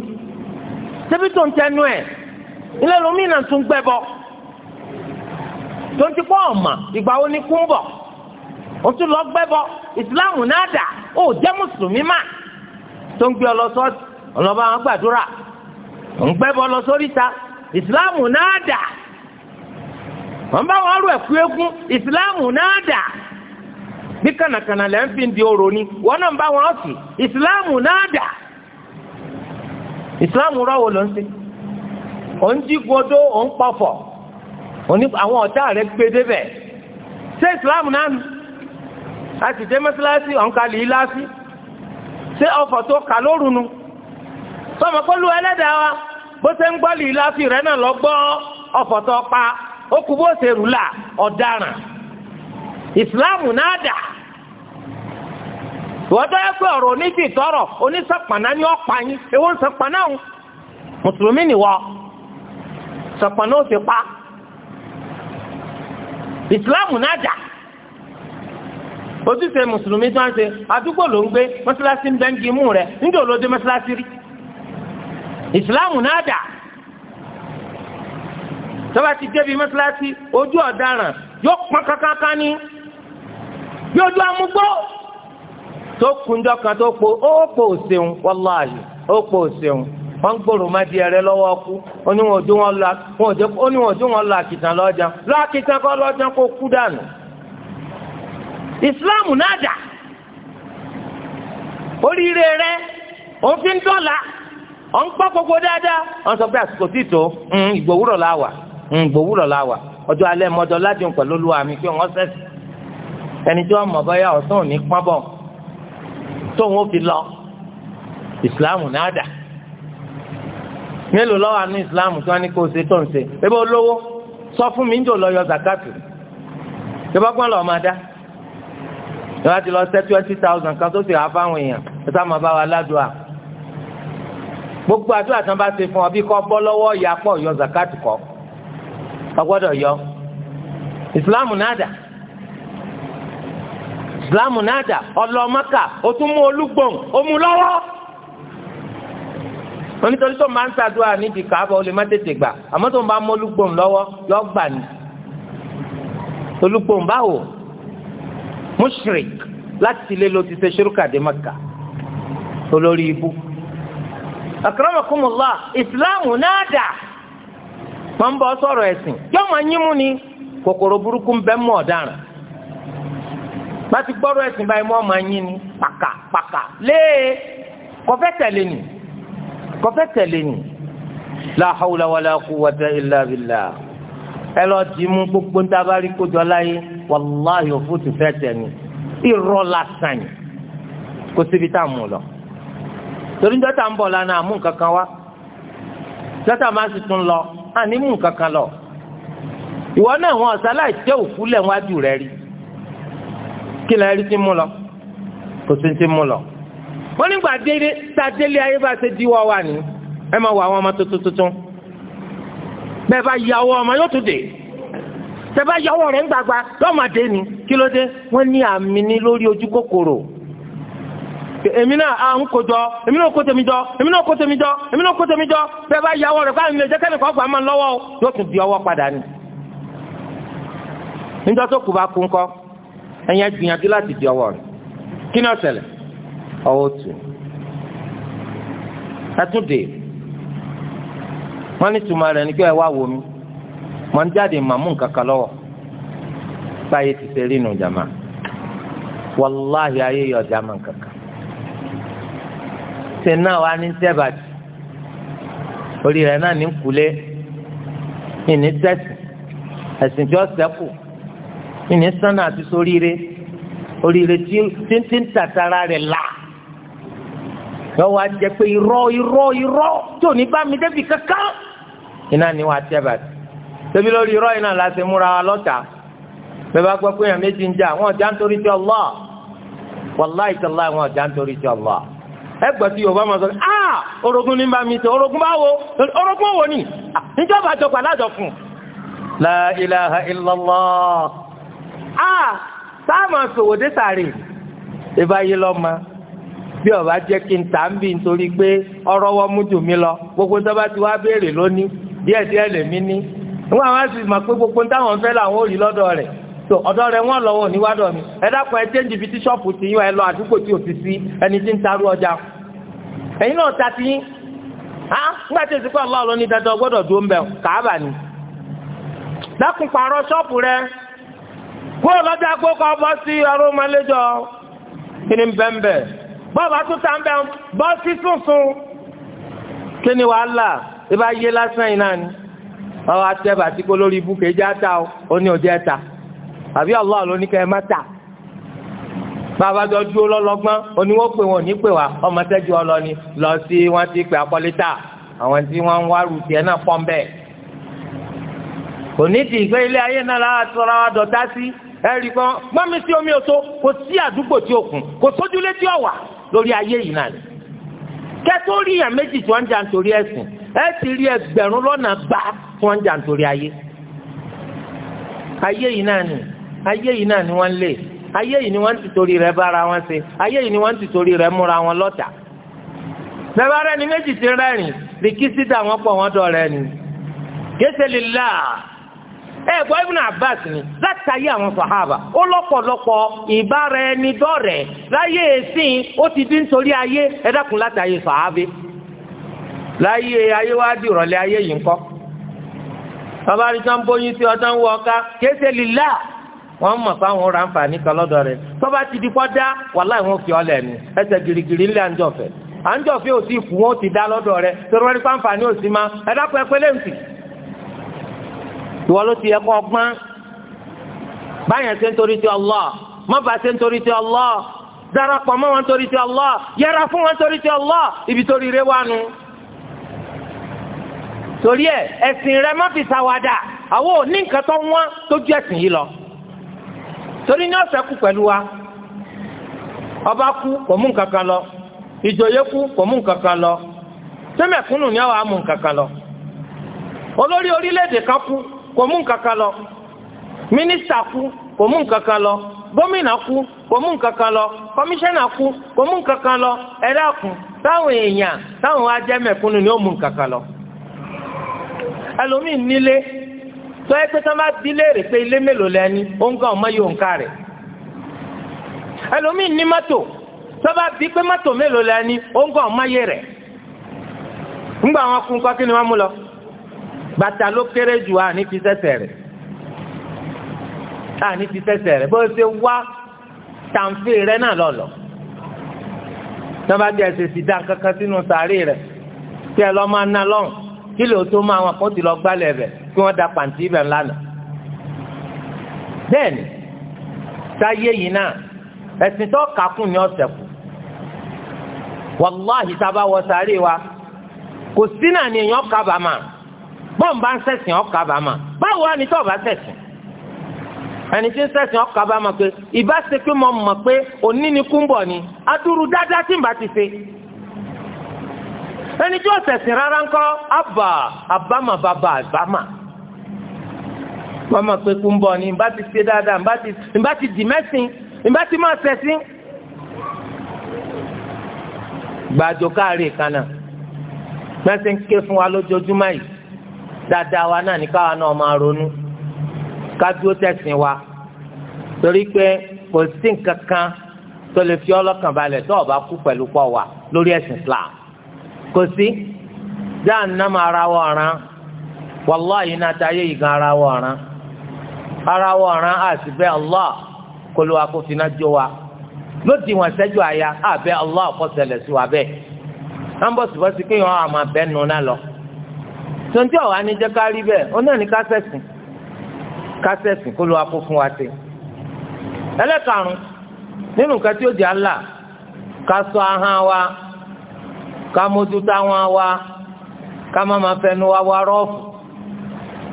débi tó ń tẹnu ẹ̀ ilé lomi náà tún gbẹ bọ́. tó ń ti pọ́ ọ̀mà ìgbà wo ni kú ń bọ̀ ó tún lọ gbẹ́bọ ìsìláàmù náà dà ó jẹ́ mùsùlùmí mà tó ń gbé ọ lọ sọ́ọ̀tì ọlọ́ba àwọn gbàdúrà ń gbẹ́bọ lọ sóríta ìsìláàmù náà dà wọ́n bá wọn rú ẹ̀kú eégún ìsìláàmù náà dà bí kànàkànà lẹ́ ń fi di ni wọn náà ń bá wọn ọ̀sì ìsìláàmù náà dà ìsìláàmù rọ́wọ́ ló ń ṣe òun jí gbọdọ̀ òun òní àwọn ọ̀tá rẹ̀ gbé débẹ̀ ṣé islam náà nù a sì dé mọ́sálásí ọ̀nkalì yìí lásì ṣé ọ̀fọ̀ tó kà lóru nu sọmọ pẹ̀lú ẹlẹ́dàá wa bó ṣe ń gbọ́lì yìí lásì rẹ̀ náà lọ gbọ́ ọ̀fọ̀ tó pa ó kú bó ṣe rù là ọ̀daràn islam náà dà wọ́dọ̀ ẹ pé ọ̀rọ̀ oníṣì tọrọ oníṣàpàná ni ọ̀pá yín ewu ń sàpàná òun mùsùlùmí nìwọ sàpàná ó ti pa. ìsìláàmù náà jà ojúṣe mùsùlùmí tó ń ṣe àdúgbò ló ń gbé mọ́ṣáláṣí ń bẹ́ńgì mú rẹ̀ níjẹ́ olóde mọ́ṣáláṣí rí ìsìláàmù náà jà tọ́ba ti débi mọ́ṣáláṣí ojú ọ̀daràn yóò pọ́n kankan ní bí ojú amúgbó tó kan tó po ó po òṣèun wàláhì ó wọ́n gbòòrò má di ẹrẹ lọ́wọ́ ọkú ó dún wọn lọ àkìtàn lọ́jà lọ́ àkìtàn kọ́ lọ́jà kó kú dànù ìsìláàmù náà dà oríire rẹ òun fi ń gbọ́ gbogbo dáadáa wọ́n sọ pé àsìkò tí tó hmm, ìgbòwúrọ̀ la wà hmm, ìgbòwúrọ̀ la wà ọjọ́ alẹ́ mọ́jọ ládùn pẹ̀lú olúwa mi pé wọ́n sẹ́sì ẹni tí wọ́n mọ̀ ọ̀sán òní fi lọ Islam náà dà. mélòó lọ́wọ́ àánú ìsìláàmù tí wọ́n ní kó o ṣe tó ń ṣe ebi olówó sọ fún mi ń jò lọ yọ zakatu ìbá gbọ́n lọ́ọ́ máa dá ìwà ti lọ ṣẹ́ twenty thousand kan tó sì wá fáwọn èèyàn ẹ̀sà máa bá wa ládùá gbogbo àdúrà tán bá ṣe fún ọ bí kò bọ́ lọ́wọ́ ìyá pọ̀ yọ zakatu kọ́ ọ yọ ìsìláàmù náà ìsìláàmù náà dà ó tún mú olúgbòǹ ó mú lọ́wọ́ onítorí tó máa ń ṣàdúrà níbi kàábọ̀ ó lè má tètè gbà àmọ́ tó ń bá mọ́lúgbòm lọ́wọ́ yọ gbà ní. olùgbòm báwo mushrik láti ilé ló ti ṣe ṣírúkà dé Mẹ́kà olórí ibú. akramakumullah ìsìláàmù náà dà wọ́n ń bọ́ sọ̀rọ̀ ẹ̀sìn yóò máa yín mú ni kòkòrò burúkú ń bẹ́ mọ́ ọ̀daràn bá ti gbọ́rọ̀ ẹ̀sìn báyìí mọ́ máa yín ni pàkàpàkà léè kọfẹ́ tẹ̀lé ni kọfẹ́ tẹ̀lé ni la hawla wala quwwata illa billah ẹ lọ ti mú gbogbo ń dábàárí kójọ láyé wàláhì òfú ti fẹ́ tẹ̀ ni irọ́ lásán yìí kó síbi tá a mú lọ torí dọ́tà ń bọ̀ lánàá mú nǹkan kan wá dọ́tà máa sì tún lọ àní mú nǹkan kan lọ ìwọ náà wọn ọ̀sán láì jẹ́ òkú lẹ̀ wájú rẹ rí kí lẹ́ẹ̀rí ti mú lọ kò sí ti mú lọ. wọ́n nígbà délé tá délé ayé bá ṣe díwọ́ wà ní ẹ máa ọmọ tuntun tuntun bẹ́ẹ̀ bá yàwó ọmọ yóò tún dé tẹ́ bá yàwó rẹ̀ ń gbàgbà lọ́mọdé ni kí ló dé wọ́n ní àmì ní lórí ojú kòkòrò èmi náà à ń kojọ èmi náà jọ èmi náà jọ èmi náà kó tèmi jọ bẹ́ẹ̀ bá yàwó rẹ̀ di ọwọ́ tù ẹtúndé wọ́n ní tùmọ̀ rẹ̀ ní kí ẹ wá wò mí mọ̀ ń jáde màmú nǹkan kan lọ́wọ́ báyé ti ṣe rí nu jàmá wàláhi ayé yọ jàmá kankan ṣe náà wà ní sẹ́bàtì orí rẹ̀ náà ní kulé ìní tẹ̀sí ẹ̀sìn tí ó sẹ́kù ìní sánà àti soríire oríire tí ń tàtàrà láà. yọ wá jẹ pé irọ́ irọ́ irọ́ tí ò ní bá mi débi kankan iná ni wọ́n á tẹ́ bàtì tẹ́bí lórí irọ́ iná la ṣe múra wa lọ́ta bẹ́ẹ̀ bá gbọ́ pé èèyàn méjì ń jà wọ́n ọ̀já ń torí ti Allah wàláì tàláì wọ́n ọ̀já ń torí ti Allah ẹgbẹ́ tí yorùbá máa sọ pé ah orogún ní bá mi tẹ orogún bá wo orogún wo ni níjọba àjọpọ̀ alájọkùn la ilaha illallah ah sáà máa sòwò dé sàárè ìbáyé lọ́ọ́ máa. bí ọba jẹ́ kí n tà ń bì nítorí pé lọ gbogbo tó bá ti wá béèrè lónìí díẹ̀ díẹ̀ lèmi ní. wọn àwọn sì mọ̀ pé gbogbo táwọn fẹ́ làwọn ò rí lọ́dọ̀ rẹ̀ tó mi ẹ dákun ẹ ti yín ẹ lọ àdúgbò tí ti sí ẹni tí ń ọjà ni. dákun pààrọ̀ rẹ kúrò lọ́jà gbókọ̀ sí kí ni bọ́ọ̀bù àtúntà ń bẹ̀ bọ́ sí sunsun kí ni wàhálà ibà yé lásán yìí náà ni ọwọ́ atẹ́ bàtí kó lórí ibú kejì ata o ó ní ọjọ́ ẹ̀ta àbí Allah ló ní kẹ́ ẹ má ta bàbá jọ dúró lọ́lọ́gbọ́n oníwó pé wọn ò ní pè wá ọmọ tẹ́jú ọlọ́ni lọ sí wọn ti pè akọ́létà àwọn tí wọ́n ń wá rùtì ẹ̀ náà pọ́n bẹ́ẹ̀ onídìí ìgbé ilé ayé náà lára tọ́ra wa dọ̀tá sí ẹ̀rí kan gbọ́n sí omi òtó kò sí àdúgbò tí ó kún kò sójúlé tí ó lórí ayé yìí náà ni kẹtó rí yàn méjì tí wọn ń jà nítorí ẹsìn ẹ ti rí ẹgbẹ̀rún lọ́nà bá tí wọn ń jà nítorí ayé ayé yìí náà ni ayé yìí náà ni wọn lè ayé yìí ni wọn ti torí rẹ̀ bára wọn ṣe ayé yìí ni wọn ti torí rẹ̀ múra wọn lọ́tà bẹ́ẹ̀ rẹ ni méjì ti rẹ́rìn rìkísítà wọn pọ̀ wọn dọ̀ rẹ ni kéṣe lè láà. ẹ eh, gbọ́ Abbas ni láti àwọn sàhábà ó lọ́pọ̀lọpọ̀ ìbára ẹni dọ́rẹ̀ẹ́ láyé ó ti dín torí ayé ẹ dákun sàhábì láyé ayé ìrọ̀lẹ́ ayé yìí ńkọ́ bàbá rí sàn bóyin sí wọ wọn mọ̀ fáwọn ra nfààní kan lọ́dọ̀ rẹ̀ tọ́ba ti di kọ́dá ọlẹ̀ ni ẹsẹ̀ ńlẹ̀ òsì wọn ti dá lọ́dọ̀ rẹ̀ rí òsì máa ìwọ ló ti yẹ kó gbọ́n báyẹn ṣe ń torí ti Allah má bàa ṣe ń torí ti Allah darapọ̀ mọ́ wọn torí ti Allah yẹra fún wọn torí ti Allah ibi torí rẹ wà nù torí ẹ ẹ̀sìn rẹ má fi ṣàwàdà àwọn òní nǹkan tó wọ́n tó ju ẹ̀sìn yìí lọ torí ní ọ̀sẹ̀ kú pẹ̀lú wa ọba kú kò mú nǹkan kan lọ ìjòyè kú kò mú nǹkan kan lọ sẹ́mẹ̀kúnnù ni àwọn amú nǹkan kan lọ olórí orílẹ̀-èdè kan kú kò mú nǹkan kan lọ mínísítà kú kò mú nǹkan kan lọ gómìnà kú kò mú nǹkan kan lọ kọmíṣánná kú kò mú nǹkan kan lọ ẹ táwọn èèyàn táwọn ajẹmẹ̀kúnnù ni ó mú nǹkan kan lọ. ẹlòmíín nílé tó ẹ pé tí bá bí léèrè pé ilé mélòó lẹni ọmọ yóò ń ká rẹ. ẹlòmíín ní mọ́tò tó bá bí pé mọ́tò mélòó lẹni bàtà ló kéré jù à ní fi sẹ́sẹ̀ rẹ̀ à ní fi sẹ́sẹ̀ rẹ̀ bó ṣe wá tàǹfì rẹ̀ náà lọ̀lọ̀ tó bá jẹ́ ẹ̀sẹ̀ sì dá kankan sínú sàárè rẹ̀ tí ẹ lọ́ máa ná lọ́rùn kí lóò tó máa wọn kó ti lọ gbálẹ̀ rẹ̀ kí wọ́n da pàǹtí ibẹ̀ lánàá bẹ́ẹ̀ni sáyé yìí náà ẹ̀sìn tó kàkún ni ọ̀sẹ̀ kù wàláhì tá wọ sàárè wa kò sí náà ni èèyàn kábàámà bọ́ọ̀n bá ń sẹ̀sìn ọkà bá mà báwo wá ní tọ́ọ̀ bá sẹ̀sìn ẹni tí ń sẹ̀sìn ọkà bá mà pé ìbá ṣe pé mo mọ̀ pé òní ni kú ń bọ̀ ni adúrú dáadáa tí ń bá ti ṣe ẹni tí ó sẹ̀sìn rárá ń kọ́ àbà àbámà bàbà àbámà wọ́n mọ̀ pé kú ń bọ̀ ni ìbá ti ṣe dáadáa ìbá ti dì mẹ́sìn ìbá ti máa sẹ̀sìn gbàdókàrí kan náà mẹ́sìn ké fún wa lójoojúmọ́ yìí dáadáa wa náà ní káwa náà máa ronú ká dúró wa torí pé kò sí nǹkan kan tó lè fi ọlọ́kàn balẹ̀ tó o bá kú pẹ̀lú pọ̀ wà lórí ẹ̀sìn Islam kò sí jahannama ara wọ ọ̀ràn wàláyé náà táyé ìgan ara wọ ọ̀ràn ara wọ ọ̀ràn àti bẹ́ẹ̀ Allah kó ló wa kó finá jó wa lódì wọn sẹ́jú àyà àbẹ́ sí wa bẹ́ẹ̀ nọ́mbọ̀sibọ́sí kéèyàn àmọ́ abẹ́nu náà lọ. tonti ọ̀wá ni jẹ́ ká rí bẹ́ẹ̀ ó náà ní kásẹ̀sìn kásẹ̀sìn kó ló wá kó fún wa ṣe. ẹlẹ́karùn-ún nínú nǹkan tí ó di àlà ká ṣọ́ ahọ́n wa ká mójútó àwọn wa ká má máa fẹnu wa wá rọ́ọ̀fù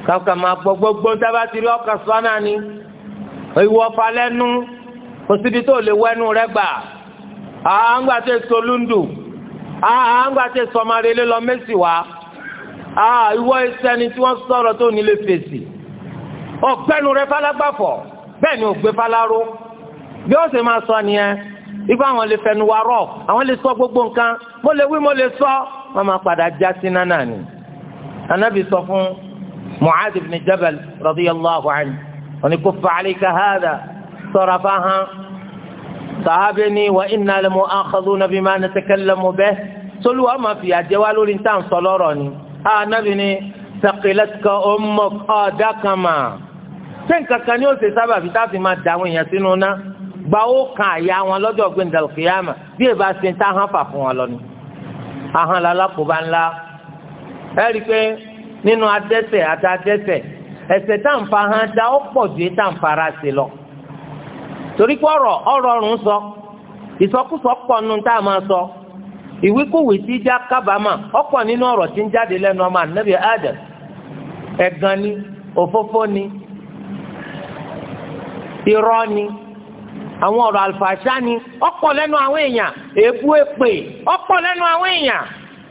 ká ká máa gbọ́ gbogbo dábàá ti rí ọkà sọ́ náà ni ìwọ ọ̀fà lẹ́nu kò síbi tó lè wẹ́nu rẹ gbà àá ń tẹ̀ sọ́lúndù àá ń gbà tẹ̀ sọ́marẹ́lẹ́ lọ mẹ́sì wá aa ìwọ ẹsẹni tí wọ́n sọ̀rọ̀ tó nílé fèsì ọgbẹnu rẹ falágbàfọ bẹ́ẹ̀ ni ògbé faláró bí ó sì máa sọ nìyẹn ipa àwọn lè fẹnu wa rọ àwọn lè sọ gbogbo nǹkan mo lè wí mo lè sọ wọ́n máa padà já sí nánà ni anabi sọ fún mu'adh ibn jabal radiyallahu anhu wọ́n ní kuffa alayka hadha sọ̀rọ̀ fáhán sàhábẹ́ ni wa inna lamu'akhadhuna bima natakallamu bih tolúwa máa fìyà jẹ wá lórí ní tá à ń sọ ni anabi ah, ni sakilatika ọmọ ọdá ah, kan mà ṣé nǹkan kan ni ó ṣe sábà fi tá a fi máa da àwọn èèyàn sínú ná gba ó kan àyà wọn lọ́jọ́ gbẹ̀ndàlù kìyàmà bí èèbá ṣe ń tá a fà fún wọn lọ ni ahọ́n lalákòóbá ńlá ẹ rí i pé nínú adẹ́sẹ̀ àti adẹ́sẹ̀ ẹ̀ṣẹ̀ táǹfà hàn dá ó pọ̀ ju táǹfà ara ṣe lọ torí pé ọ̀rọ̀ ọ̀rọ̀ ọ̀rùn sọ ìsọkúsọ pọ̀ nù tá máa sọ. So ìwíkúwìí tí já kábàámà ọ̀pọ̀ nínú ọ̀rọ̀ tí ń jáde lẹ́nu ọmọ ànábì Adam ẹ̀gàn ni òfófó ni irọ́ ni àwọn ọ̀rọ̀ àlùfàṣà ni ọ̀pọ̀ lẹ́nu àwọn èèyàn èébú èpè ọ̀pọ̀ lẹ́nu àwọn èèyàn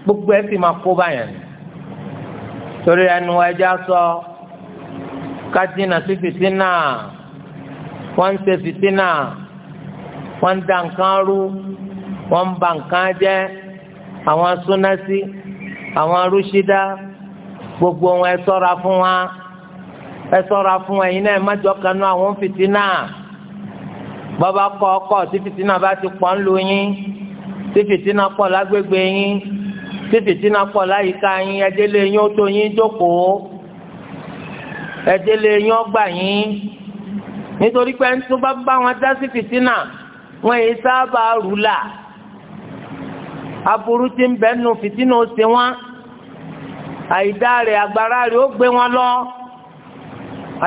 gbogbo ẹ̀ sì máa kó báyẹn ni torí ẹnu ẹja sọ kájínà sí fìtínà wọ́n ń ṣe fìtínà wọ́n ń da nǹkan rú wọ́n ń ba nǹkan jẹ́ àwọn sunasi, àwọn arúṣídá gbogbo wọn ẹ ṣọ́ra fún wa ẹ ṣọ́ra fún wa ẹ̀yin náà ẹ má jọ kanú àwọn fìtínà bàbá kọ ọkọ tí fìtínà bá ti pọ̀ ńlu yín tí fìtínà pọ̀ lágbègbè yín tí fìtínà pọ̀ láyìíká yín ẹdẹ́lẹ̀ yín ó tó yín jókòó ẹdẹ́lẹ̀ yín ọgbà yín nítorí pé ń tún bá bá wọn dá sí fìtínà wọn èyí sábà rúlà. aburú ti ń bẹ́ẹ̀ nu fìtínà ó ṣe wọ́n àìdá rẹ̀ agbára rẹ̀ ó gbé wọn lọ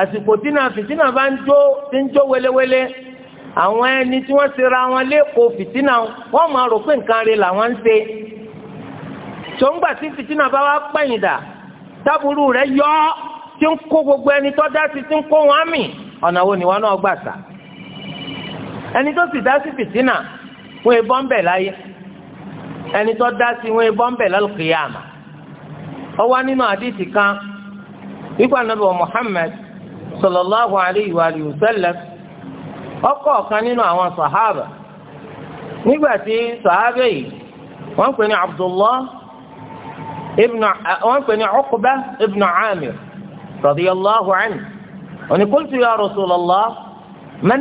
àsìkò tí náà fìtínà bá ń jó ti ń jó welewele àwọn ẹni tí wọ́n ti ra wọn lẹ́kọ̀ọ́ fìtínà wọ́n máa rò pé nǹkan rẹ̀ làwọn ń ṣe tó ń tí fìtínà bá wá pẹ̀yìn dà tábùrú rẹ̀ yọ tí ń kó gbogbo ẹni tó dá sí tí ń kó wọn mì ọ̀nà wo ni wọn náà gbà sà ẹni tó sì dá sí fìtínà bẹ̀ láyé. ẹni tó dá sí wọn bọ́m̀bẹ̀ lálùkìyàmà ó wá nínú àdìsí kan wípé anábọ̀ Muhammad sallallahu alayhi wa sallam ọkọ̀ ọ̀kan nínú àwọn sàhábà nígbà tí sàhábà yìí wọ́n pè ní Abdullah wọ́n pè ní Uqba ibn Amir radiyallahu anhu òní qultu ya Rasulallah man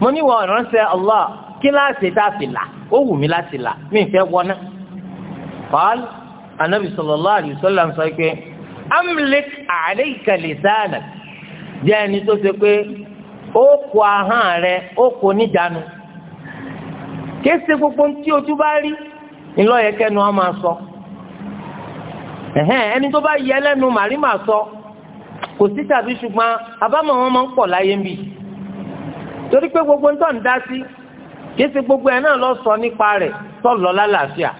mo ní wọ́n Allah kíláàsì tá a fi là. ó wù mí láti là mí ìfẹ́ wọná. paul anabi sallallahu alaihi wasallam sọ pé amlik alayka lisana jẹ́ ẹni tó ṣe pé ó kó ahọ́n rẹ̀ ó kó níjànú kése gbogbo tí ojú bá rí ńlọ yẹ kẹnu ọ máa sọ ẹni tó bá yẹ lẹ́nu màrí màá sọ kò sí tàbí ṣùgbọ́n àbámọ̀ wọn máa ń pọ̀ láyé ń bì torí pé gbogbo ń tọ́ ń dá sí. kése gbogbo ẹ̀ náà lọ sọ nípa rẹ̀ sọ̀lọ́ lálàáfíà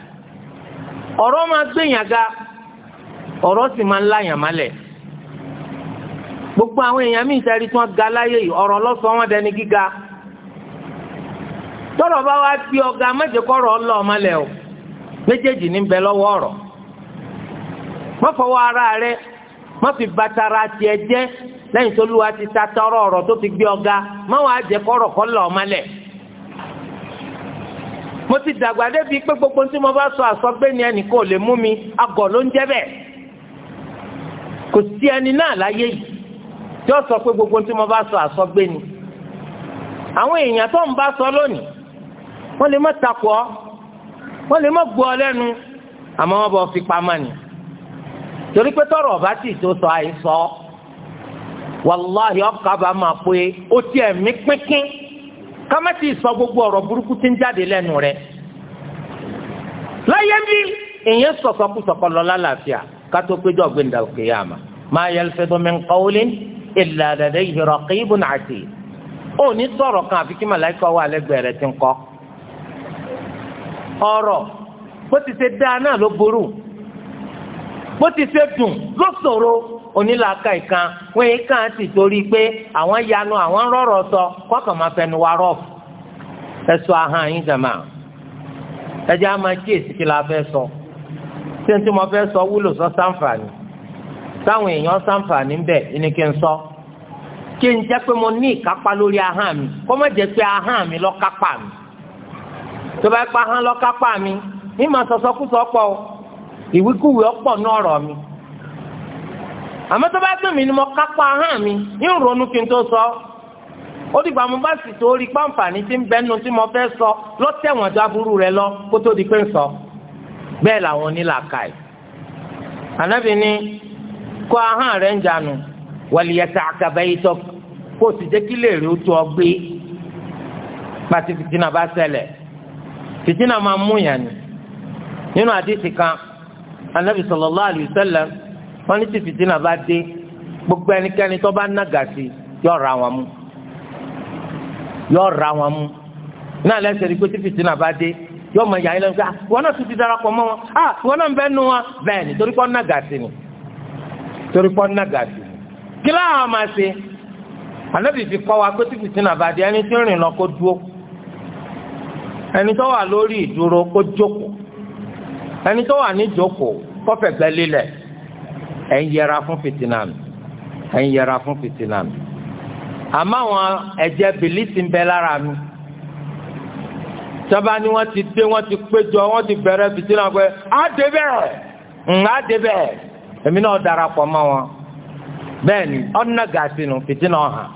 ọ̀rọ̀ máa gbẹ̀yàn ga ọ̀rọ̀ sì máa ń láyàn málẹ̀ gbogbo àwọn èèyàn míì sẹ́rí tí wọ́n ga láyé yìí ọ̀rọ̀ lọ́sọ̀ wọn dẹni gíga tọ́rọ̀ bá wá bí ọ̀gá mẹ́jẹ̀kọ́rọ̀ ọlọ́ ọmọlẹ̀ o méjèèjì ní bẹ lọ́wọ́ ọ̀rọ̀ má ara rẹ má bàtàrà tiẹ̀ jẹ́ lẹ́yìn tó lù wá ti ta tọrọ ọ̀rọ̀ tó ti gbé ọ̀gá má wàá jẹ́kọ́rọ̀ kọ́ mo ti dàgbà débi pé gbogbo tí mo bá sọ àsọgbé ni ẹnìkan ò lè mú mi agọ̀ ló ń jẹ́ bẹ́ẹ̀ kò sí ẹni náà láyé yìí tí ó sọ pé gbogbo tí mo bá sọ àsọgbé ni àwọn èèyàn tó ń bá sọ lónìí wọ́n lè má takò ọ́ wọ́n lè má gbọ́ ọ lẹ́nu àmọ́ wọ́n bọ̀ fi pamọ́ ni torí pé tọrọ ọba tí tó sọ àìsọ wàláhì ọkà bá máa pé ó tiẹ̀ mí pínpín. kámẹ́tì sọ gbogbo ọ̀rọ̀ burúkú tí ń jáde lẹ́nu rẹ̀ láyé bí èèyàn sọ̀sọ̀kùsọ̀kọ̀ lọ lálàáfíà kátó péjọ gbẹ̀ndà òkè máa yalfidu min qawlin illa ladayhi raqibun atid ó ní sọ̀rọ̀ kan àfi kí màláìka wà lẹ́gbẹ̀ẹ́ rẹ̀ ti ń kọ́ ọ̀rọ̀ bó ti ṣe dáa náà ló burú bó ti ṣe dùn ló ṣòro onílàákà ìkan wọn yìí kàn sì torí pé àwọn yanu àwọn rọrọ sọ kọkàn máa fẹnu wa rọ ẹsọ ahọ́n yín jàmá ẹjẹ á máa kíyèsí kí la fẹ́ sọ tí n tí mo fẹ́ sọ wúlò sọ sáǹfààní táwọn èèyàn sáǹfààní bẹ ẹni kí n sọ kí n jẹ́ pé mo ní ìkápá lórí ahọ́n mi kó má jẹ́ pé ahọ́n mi ló kápá mi tó bá pa ahọ́n ló kápá mi ní màá sọsọ kú sọ pọ̀ ìwíkúwìí ọ̀pọ̀ náà rọ̀ mi. àmọ́ tó bá mi ni mo kápá ahọ́n mi ní ìrònú kí n tó sọ ó dìgbà mo bá sì tó rí pàǹfààní tí ń bẹnu tí mo fẹ́ sọ lọ́tẹ̀wọ̀n ju rẹ lọ kó tó di pé ń sọ bẹ́ẹ̀ làwọn onílàkàì ànábì ni kó ahọ́n rẹ ń jànù wàlìyẹsẹ àkàbẹ ìtọ kó o sì jẹ́ kí léèrè ó tó ọ gbé pàtí fìtínà bá ṣẹlẹ̀ fìtínà máa mú yàn ni nínú àdìsí kan ànábì wọ́n ní tí fìtínà bá dé gbogbo ẹnikẹ́ni tó bá nàgà sí yóò ra wọn mú yóò ra wọn mú náà lẹ́sẹ̀ rí pé tí fìtínà bá dé mọ ìyá ah wọn ah, náà ń bẹ́ẹ̀ nu wọn bẹ́ẹ̀ ni torí pọ́ ni torí pọ́ nàgà sí kí láwọn máa ṣe ànábì fi kọ́ wa pé tí fìtínà bá dé ẹni tí ń rìn lọ kó ẹ̀ yẹra fún fìtínà nù ẹ̀ yẹra fún fìtínà nù àmọ́ àwọn ẹ̀jẹ̀ bìlísì ń bẹ lára mi sábà ni wọ́n ti dé wọ́n ti péjọ wọ́n ti bẹ̀rẹ̀ fìtínà pé á dé bẹ́ẹ̀ ń á dé bẹ́ẹ̀ èmi náà darapọ̀ mọ́ wọn bẹ́ẹ̀ ni ọ̀nà gàásì nù fìtínà ọ̀hàn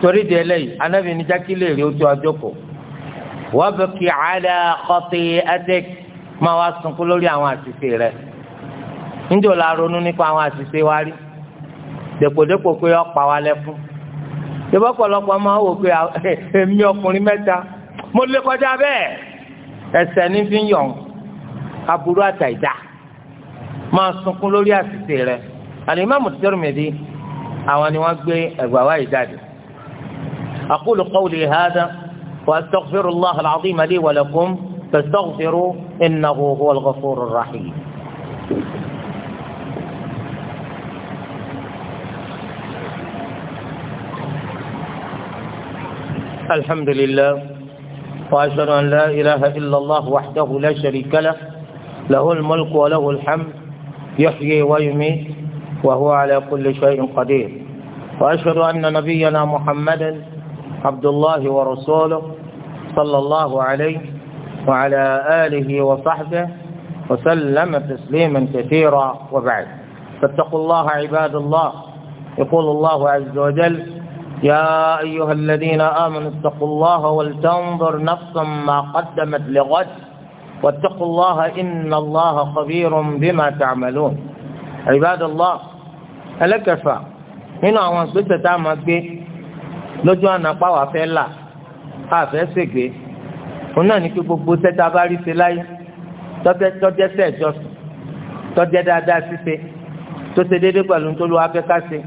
torí di eléyìí anábì ní jákèlè rí ojú ọjọ́ kò wọ́n bẹ kí àádá kọ́tì ẹ́tẹ́kì máa wá sunkún lórí àwọn àṣìṣe rẹ̀. níjọ́ la ronú nípa àwọn àṣìṣe wa rí dèpòdèpò pé ọ̀pá wa lẹ́kún ìbọn pọ̀lọpọ̀ máa wò pé èmi ọkùnrin mẹ́ta mo lè kọjá bẹ́ẹ̀ ẹsẹ̀ ní fi ń yọ̀n aburú àtàìdá máa sunkún lórí àṣìṣe rẹ̀ Al-Imam Tirmidhi àwọn ni wọ́n gbé ẹ̀gbà wa yìí jáde. أقول قولي هذا وأستغفر الله العظيم لي ولكم فاستغفروا إنه هو الغفور الرحيم الحمد لله وأشهد أن لا إله إلا الله وحده لا شريك له له الملك وله الحمد يحيي ويميت وهو على كل شيء قدير وأشهد أن نبينا محمدا عبد الله ورسوله صلى الله عليه وعلى آله وصحبه وسلم تسليما كثيرا وبعد فاتقوا الله عباد الله يقول الله عز وجل يا أيها الذين آمنوا اتقوا الله ولتنظر نفسا ما قدمت لغد واتقوا الله إن الله خبير بما تعملون عباد الله ألك فا آه، هنا عوان تعمل بي لجو أنا قوى في ها في هنا نكبو بوسة تباري سلاي تجد سيجوس تجد أداسي سي تجد أداسي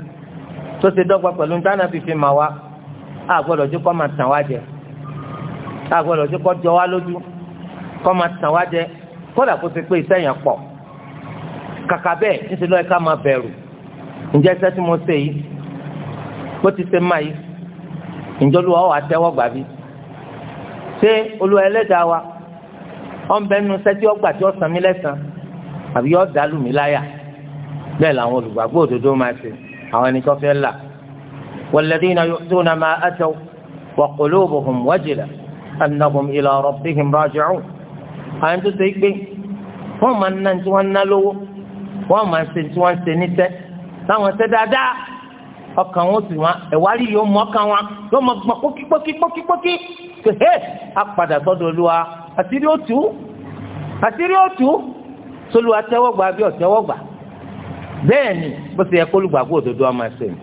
tó ṣe dọ́gba pẹ̀lú ntànà fífi mà wá a gbọ́dọ̀ jẹ́ kó máa tàn wá jẹ a gbọ́dọ̀ jẹ́ kó jọ wá lójú kó máa tàn wá jẹ kódà kó ṣe pé iṣẹ́ yẹn pọ̀ kàkà bẹ́ẹ̀ níṣẹ lọ ká máa bẹ̀rù ǹjẹ́ iṣẹ́ tí mo ṣe yìí bó ti ṣe máa yìí ǹjọ́ lu ọwọ́ àtẹ́wọ́ gbà bí ṣé olúwa ẹlẹ́dàá wa ọ̀nbẹ́nu sẹ́tí ọgbà tí ó san mí lẹ́san àbí ó dàlù mí láyà bẹ́ẹ̀ làwọn olùgbàgbọ́ òdodo máa ṣe àwọn ẹni tó fẹ́ là walladhina yu'tuna ma ataw wa qulubuhum wajila annahum ila rabbihim raji'un àwọn tó ṣe é pé wọ́n máa ń ná tí wọ́n ń ná lówó wọ́n máa ń ṣe tí wọ́n ń ṣe níṣẹ́ láwọn ṣe dáadáa ọkàn wọn sì wọn ẹ̀wárí yóò mọ ọkàn wọn yóò mọ gbọ́n pókípókípókípókí ṣe á padà sọ́dọ̀ olúwa àṣírí òtún àṣírí òtún sólùwà tẹ́wọ́gbà bí ọ̀tẹ́wọ́gbà bẹ́ẹ̀ ni bó ṣe yẹ kó olùgbàgbọ́ òdodo ọmọ ẹsẹ̀ ni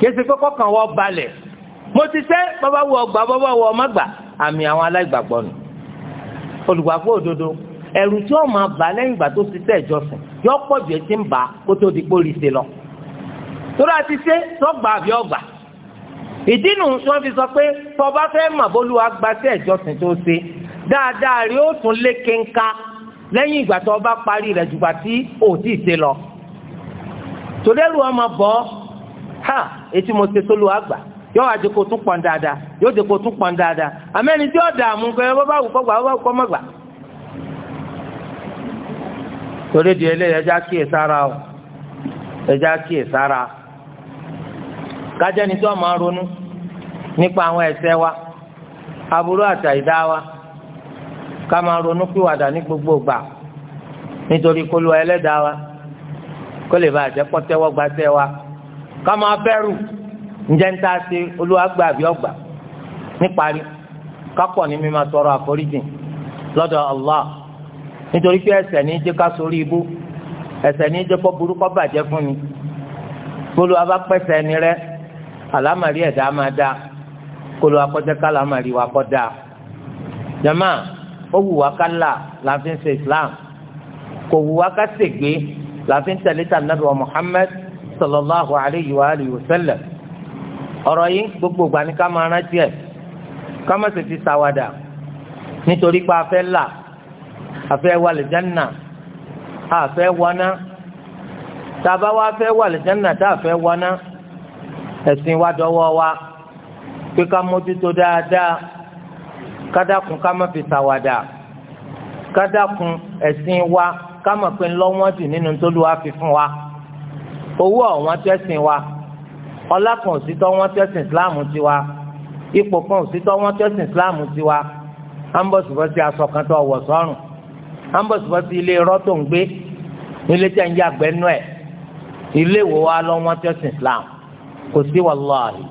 kése kókó kan wọ́ balẹ̀ mo ti sẹ́ bàbá wọ ọgbà bàbá wọ ọmọ gbà àmì àwọn aláìgbàgbọ́ ni olùgbàgbọ́ òdodo ẹ̀rù tí wọ́n máa bà lẹ́yìn ìgbà tó ti sẹ́ ìjọsìn yọ pọ̀ jù ẹtí ń bà kó tó di pólì ṣe lọ torí àti ṣe sọgbà àbí ọgbà ìdí nu tí wọ́n fi sọ pé tọba fẹ́ mà bólúwa gba sí ìjọsìn tó ṣe dáadáa rí ó tún lé kéńká lẹ́yìn ìgbà tó bá parí rẹ̀ jùgbà tí ò tí ṣe lọ torí ẹrù ọmọ bọ ha etí mo ṣe tó lu àgbà yóò wá dèkò tún pọn dáadáa yóò dèkò tún pọn dáadáa tí dààmú bá wù gbà gbà. torí di eléyìí ẹja sára ronú nípa àwọn wa aburú wa ká máa ronú ní gbogbo gbà nítorí kó kó lè bá àjẹpọ̀ tẹ́wọ́ gba tẹ́ wa ká máa bẹ̀rù ǹjẹ́ ń tá a ṣe olúwàgbà àbí ọ̀gbà níparí kápọ̀ ní mímá tọrọ àforíjì lọ́dọ̀ Allah nítorí pé ẹ̀ṣẹ̀ ní jẹ́ ká sórí ibú ẹ̀ṣẹ̀ ní jẹ́ kó burú kó bàjẹ́ fún ni kólú abápẹ́sẹ̀ ni rẹ àlámàrí ẹ̀dá máa dá kólú akọ́jẹ́ kálámàrí wa kọ́ dá jama ó wù wá kálà láfi ń ṣe Islam kò wù wá ká ṣègbè làfi ń tẹ̀lé tà nàbẹ̀ wa Muhammad sallallahu alayhi wa alihi wa sallam ọ̀rọ̀ yìí gbogbo gbani ká máa rántí ẹ̀ ká má sì fi ṣàwàdà nítorí pé afẹ́ là afẹ́ wà lè jẹ́nà afẹ́ wọná tàbá wa fẹ́ wà lè jẹ́nà tá afẹ́ wọná ẹ̀sìn wa dọ́wọ́ wa pé ká mójútó dáadáa ká dákun ká má fi ṣàwàdà ká dákun ẹ̀sìn wa ká mọ̀ pé ńlọ́wọ́n jù nínú t'Olúwa fi fún wa owó ọ̀wọ́n tẹ̀sìn wa ọlá kan òsítọ́ wọ́n tẹ̀sìn Islam tiwa ipò kan òsítọ́ wọ́n tẹ̀sìn Islam tiwa ambọ̀sibọ́sí aṣọ kan tó wọ̀ sọ́rùn ambọ̀sibọ́sí ilé irọ́ tó ń gbé ilé tẹ̀ ń yàgbẹ́ nú ẹ̀ ilé wo wa lọ wọ́n tẹ̀sìn Islam kò sí wàláhì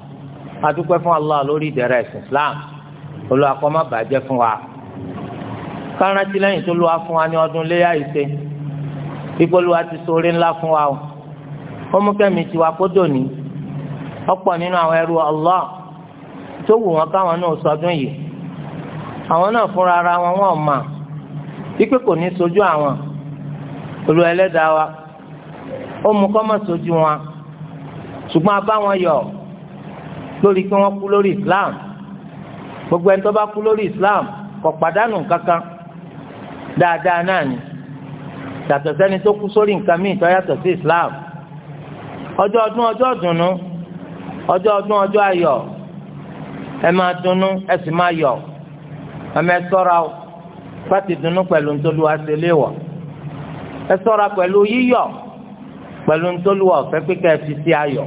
adúpẹ́ fún Allah lórí ìdẹ̀rẹ̀ ẹ̀sìn Islam olùwàkọ́ má bàjẹ́ fún wa kárántì lẹ́yìn tó lọ́wọ́ fún wa ní ọdún léyà ìṣe ìpolówó àti sóore ńlá fún wa o ó mú kẹ́mi tiwa kó dòní ọ̀pọ̀ nínú àwọn ẹrú Allah tó wù wọn káwọn náà sọdún yìí àwọn náà fúnra ara wọn wọn mà wípé kò ní sojú àwọn olú ẹlẹ́dàá wa ó mú kọ́mọ̀ sojú wọn ṣùgbọ́n abá wọn yọ lórí kí wọ́n kú lórí Islam gbogbo ẹni tó bá kú lórí Islam kò pàdánù kankan dáadáa náà ni yàtọ̀ sẹ́ni tó kú sórí nǹkan míì tó yàtọ̀ sí Islam ọjọ́ ọdún ọjọ́ ìdùnnú ọjọ́ ọdún ọjọ́ ayọ̀ ẹ máa dunnú ẹ sì máa yọ̀ ọmọ ẹ ṣọ́ra o fati dunnú pẹ̀lú ntòlúwa ṣe léwọ̀ ẹ ṣọ́ra pẹ̀lú yíyọ̀ pẹ̀lú ntòlúwa ọ̀fẹ́ pípẹ́ fi sí ayọ̀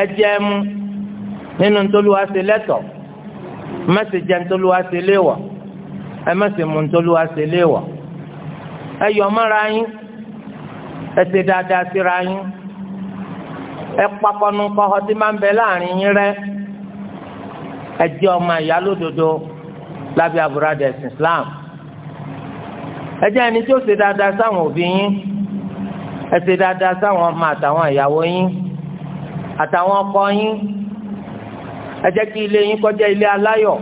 ẹ jẹ mu nínú ntòlúwa ṣe lẹ́tọ̀ mẹ́sì jẹ ntòlúwa ṣe léwọ̀ ẹ má ṣe mú ntọ́lúwa ṣe léèwọ̀ ẹ yọ mọ́ra yín ẹ ṣe dáadáa síra yín ẹ pakọ́nu kọ́họ́ tí máa ń bẹ láàrin yín rẹ́ ẹ jẹ́ ọmọ ìyá lódodo lábẹ́ àbúradà Islam ẹ jẹ́ ẹni tí ó ṣe dáadáa sáwọn òbí yín ẹ ṣe dáadáa sáwọn ọmọ àtàwọn ìyàwó yín àtàwọn ọkọ yín ẹ jẹ́ kí ilé yín kó ilé aláyọ̀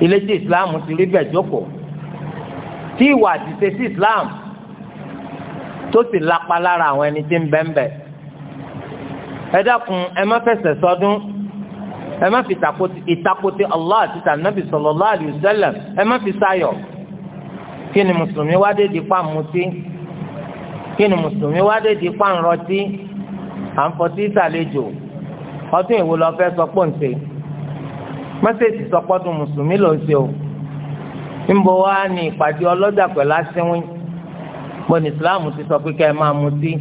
ilé tí islam ti rí bẹ́ẹ̀ jókòó tí ìwà àtìṣe sí islam tó sì lapa lára àwọn ẹni tí ń bẹ́ńbẹ́ ẹ dákun ẹ má fẹsẹ̀ sọdún ẹ má fi ìtakòtì allah àti tànàbì sallallahu alaihi wasallam ẹ má fi sayọ̀ kí ni mùsùlùmí wá dé di pa mutí kí ni mùsùlùmí wá dé di pa ńrọtí à ń fọtí ìsàlejò ọdún ìwòlọ́fẹ́ sọ pọ̀ ń ṣe. mọ́sẹ̀sì sọpọ́dún mùsùlùmí ló ń ṣe o ńbọ wa ní ìpàdé ọlọ́jà pẹ̀lú asínwín bọ́n islam ti sọ pé ká ẹ máa mutí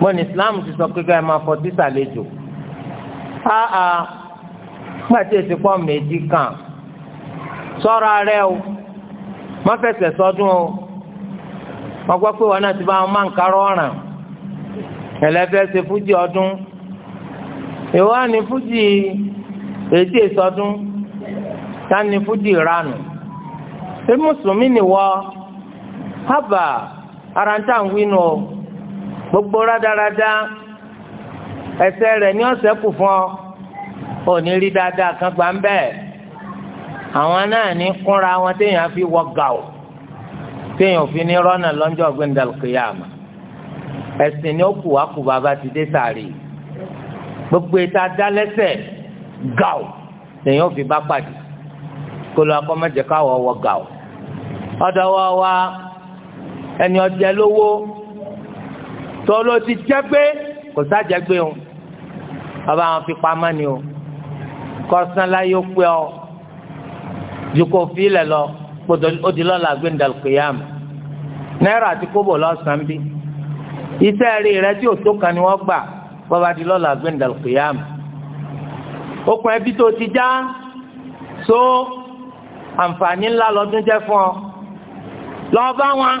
bọ́n islam ti sọ pé ká ẹ máa fọtí sàlejò áà gbàtí èsì pọ́ méjì kan sọ́ra rẹ o mọ́fẹsẹ̀ sọdún o wọ́n gbọ́ pé wọn náà ti bá wọn máa ń karọ́ ọ̀ràn ẹ̀lẹ́fẹ́ ṣe fújì ọdún ìwọ́n ní fújì. èdè ìsọdún tani fújì ránù ṣé mùsùlùmí nìwọ hábà ara ń tà ń wí nù ọ gbogbo rádaràda ẹsẹ rẹ ní ọsẹ kù fún ọ òní rí dáadáa kan gbà ń bẹ àwọn náà ní kúnra wọn téèyàn fi wọ gàù téèyàn fi ní rọnà lọ́jọ́ gbẹndàlùkìyàmà ẹ̀sìn ni ó kù wá kù bàbá ti dé sàárì gbogbo ìta dá lẹ́sẹ̀ gàù lèyìn ó fi bá pàdé kólú akọ́mọ́jẹ káwọ́ wọ gàù ọ̀dọ̀ wa wa ẹni ọjẹ lówó tọ́lọ́ ti jẹ́ pé kò sájẹ́ gbé o bàbá wọn fi pamọ́ ni o kọ́sánlá yóò pé ọ ju kò fi ilẹ̀ lọ kpọ́dọ̀ ó di lọ́la gbẹ̀ndàlùkìyàmù náírà àti kóbò lọ́sàn-án bíi iṣẹ́ rí rẹ tí o tó kan ni wọ́n gbà bọ́ba di lọ́la gbẹ̀ndàlùkìyàmù okùn ẹbí tó ti já so àǹfààní ńlá lọ́dún jẹ́ fún ọ lọ́ọ́ bá wọn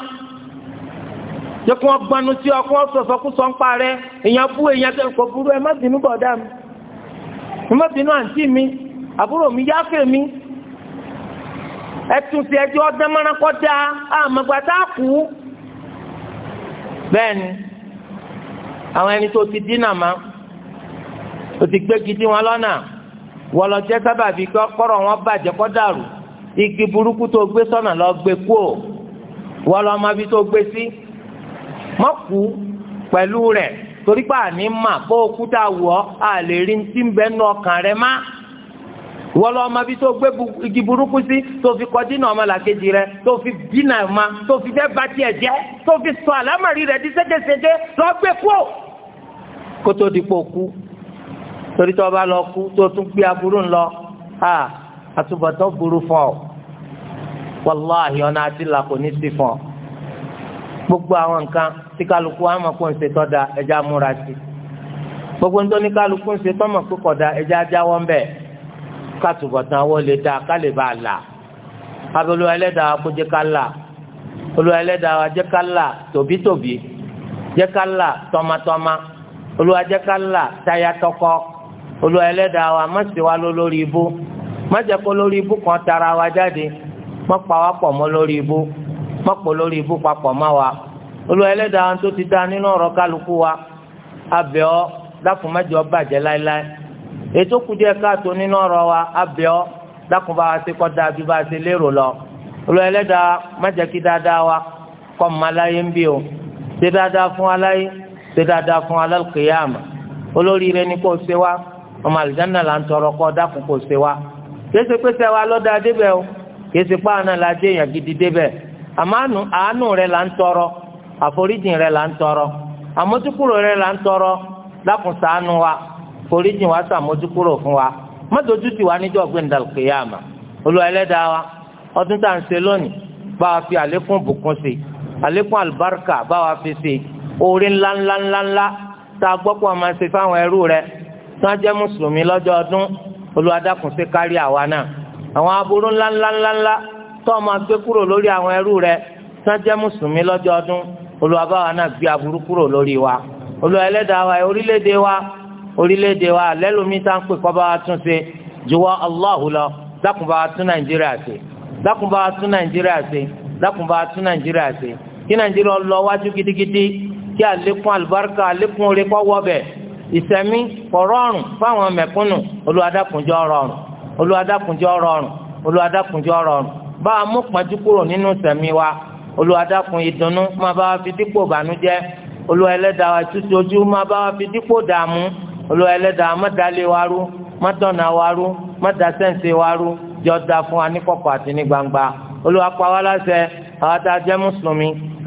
jẹ́ kí wọ́n gbanú sí ọ kí wọ́n sọ̀sọ́ kú sọ ń parẹ́ èèyàn bú èèyàn kẹ́ kò burú ẹ má bínú bọ̀dá mi ẹ má bínú àǹtí mi àbúrò mi yáfẹ́ mi ẹtù tí ẹjọ́ dẹ́mọ́rán kọjá àmọ́gbàtà kú bẹ́ẹ̀ ni àwọn ẹni tó ti dínà má o ti gbé gidi wọn lọ́nà. wọ́n lọ saba sábàbí kọ́rọ̀ wọn bàjẹ́ kọ́ dàrú igi burúkú tó gbé lọ gbé kú ò ọmọ ibi tó gbé sí mọ́kù pẹ̀lú rẹ̀ torí pé àní mà kó òkúta wọ̀ á lè rí ọkàn rẹ má ọmọ ibi tó gbé igi burúkú sí tó fi kọjú ọmọ làkejì tó fi dínà tó fi sọ di lọ gbé kú kótó torí tí wọ́n bá lọ kú tó tún gbé aburú ńlọ a àtúbọ̀tán burú fún ọ wàláhì ọ̀nà àdìlà kò ní sí fún ọ gbogbo àwọn nǹkan tí kálukú wa mọ̀ kó ń ṣe tọ́da ẹja múra sí gbogbo nítorí ní kálukú ń ṣe tọ́mọ̀ pé kọ̀dà ẹja ajáwọ́ ń bẹ̀ kátùbọ̀tán wọ́n lè dá kálí bá a là abẹ́lú ẹlẹ́dàá kó jẹ́ ká là olú ẹlẹ́dàá jẹ́ ká là tòbítòbí jẹ́ ká là tọmatọma olú ẹjẹ́ ká là tayatọkọ olú ẹlẹ́dàá wa má ṣe wá lórí ibú má jẹ́ kó lórí ibú kan tara wa jáde má pa wá pọ̀ mọ́ lórí ibú má pọ̀ lórí ibú papọ̀ má wa olú ẹlẹ́dàá tó ti dá nínú ọ̀rọ̀ kálukú wa abẹ́ ọ dákun má jẹ́ ó bàjẹ́ láéláé ètò kùdíẹ̀ káàtó nínú ọ̀rọ̀ wa abẹ́ ọ dákun bá wa ṣe kọ́ da bí bá a ṣe lérò lọ olú ẹlẹ́dàá má jẹ́ kí dáadáa wa kọ́ mọ́ aláyé ń bí o ṣe dáadáa fún aláyé ṣe dáadáa fún alálùkìyàmà olóríire ni kò ṣe wá ọmọ àlùjáná là ń tọrọ kọ́ dákun kò ṣe wa kéésì pé sẹ́wà lọ́dọ̀ adébẹ̀ o kéésì pé àná la dé èèyàn gidi débẹ̀ àmọ́ àánú rẹ là ń tọrọ àforíjìn rẹ là ń tọrọ àmójúkúrò rẹ là ń tọrọ dákun ṣàánú wa foríjìn wa ṣàmójúkúrò fún wa má dojú tì wá níjọ́ gbẹ̀ndàlùkìyàmà olú ẹlẹ́dàá wa ọdún tá à ń ṣe lónìí bá wa fi àlékún bùkún sí àlékún àlùbáríkà bá wa fi sí oore ńláńláńláńlá tá a gbọ́ pọ̀ máa ṣe fáwọn ẹrú rẹ tí wọ́n jẹ́ mùsùlùmí lọ́jọ́ ọdún olùwàdàkùn sí kárí àwa náà àwọn aburú ńláńláńláńlá tó o máa gbé kúrò lórí àwọn ẹrú rẹ tí wọ́n jẹ́ mùsùlùmí lọ́jọ́ ọdún olùwàbáwa náà gbé aburú kúrò lórí wa olùwà ẹlẹ́dàá wa orílẹ̀-èdè wa orílẹ̀-èdè wa lẹ́lómi tá ń pè kọ́ bá wa tún ṣe juwọ́ Allahu lọ dákun bá wa tún Nàìjíríà ṣe dákun bá wa tún Nàìjíríà ṣe kí Nàìjíríà lọ wájú gidigidi kí àlékún àlùbáríkà àlékún orí kọ́ wọ́ bẹ́ẹ̀ ìsẹ̀mí kò rọrùn fáwọn mẹ̀kúnnù Olúwa dákun jẹ́ ó rọrùn Olúwa dákun jẹ́ ó rọrùn Olúwa dákun jẹ́ ó rọrùn bá a mú pọ́njú kúrò nínú sẹ̀mí wa Olúwa ìdùnnú máa bá wa fi dípò bànújẹ́ Olúwa tútù ojú máa bá wa fi dípò dààmú Olúwa ẹlẹ́dàá má dalẹ̀ wa rú má da sẹ́ǹsì wa rú jọ da fún wa ní kọ̀kọ̀ àti ní gbangba Olúwa pa wá láṣẹ àwọn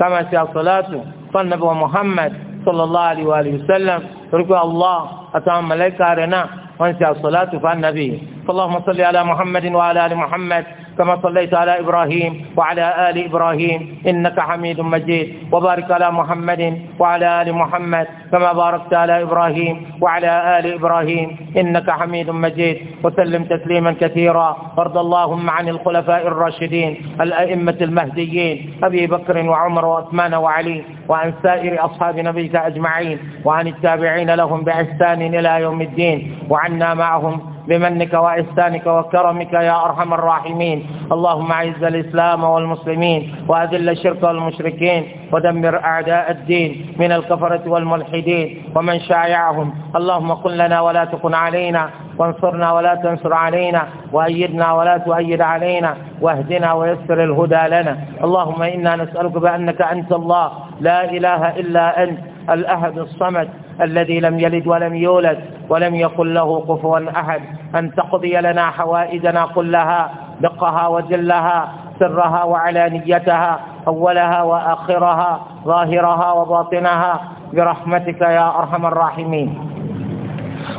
tá wa Muhammad sallallahu alayhi wa torí pé allah àtàwọn màláíkà rẹ̀ náà wọ́n ń ṣe àsọ̀látù fún anabi sallallahu alaihi wa sallam muhammadin wa alaihi muhammad. كما صليت على إبراهيم وعلى آل إبراهيم إنك حميد مجيد وبارك على محمد وعلى آل محمد كما باركت على إبراهيم وعلى آل إبراهيم إنك حميد مجيد وسلم تسليما كثيرا وارض اللهم عن الخلفاء الراشدين الأئمة المهديين أبي بكر وعمر وعثمان وعلي وعن سائر أصحاب نبيك أجمعين وعن التابعين لهم بإحسان إلى يوم الدين وعنا معهم بمنك وإحسانك وكرمك يا أرحم الراحمين اللهم أعز الإسلام والمسلمين وأذل الشرك والمشركين ودمر أعداء الدين من الكفرة والملحدين ومن شايعهم اللهم قل لنا ولا تكن علينا وانصرنا ولا تنصر علينا وأيدنا ولا تؤيد علينا واهدنا ويسر الهدى لنا اللهم إنا نسألك بأنك أنت الله لا إله إلا أنت الأحد الصمد الذي لم يلد ولم يولد ولم يقل له كفوا أحد أن تقضي لنا حوائجنا كلها دقها وجلها سرها وعلانيتها أولها وآخرها ظاهرها وباطنها برحمتك يا أرحم الراحمين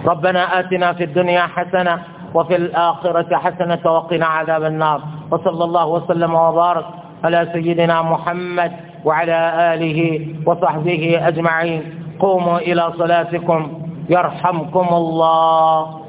ربنا آتنا في الدنيا حسنة وفي الآخرة حسنة وقنا عذاب النار وصلى الله وسلم وبارك على سيدنا محمد وعلى آله وصحبه أجمعين قوموا إلى صلاتكم يرحمكم الله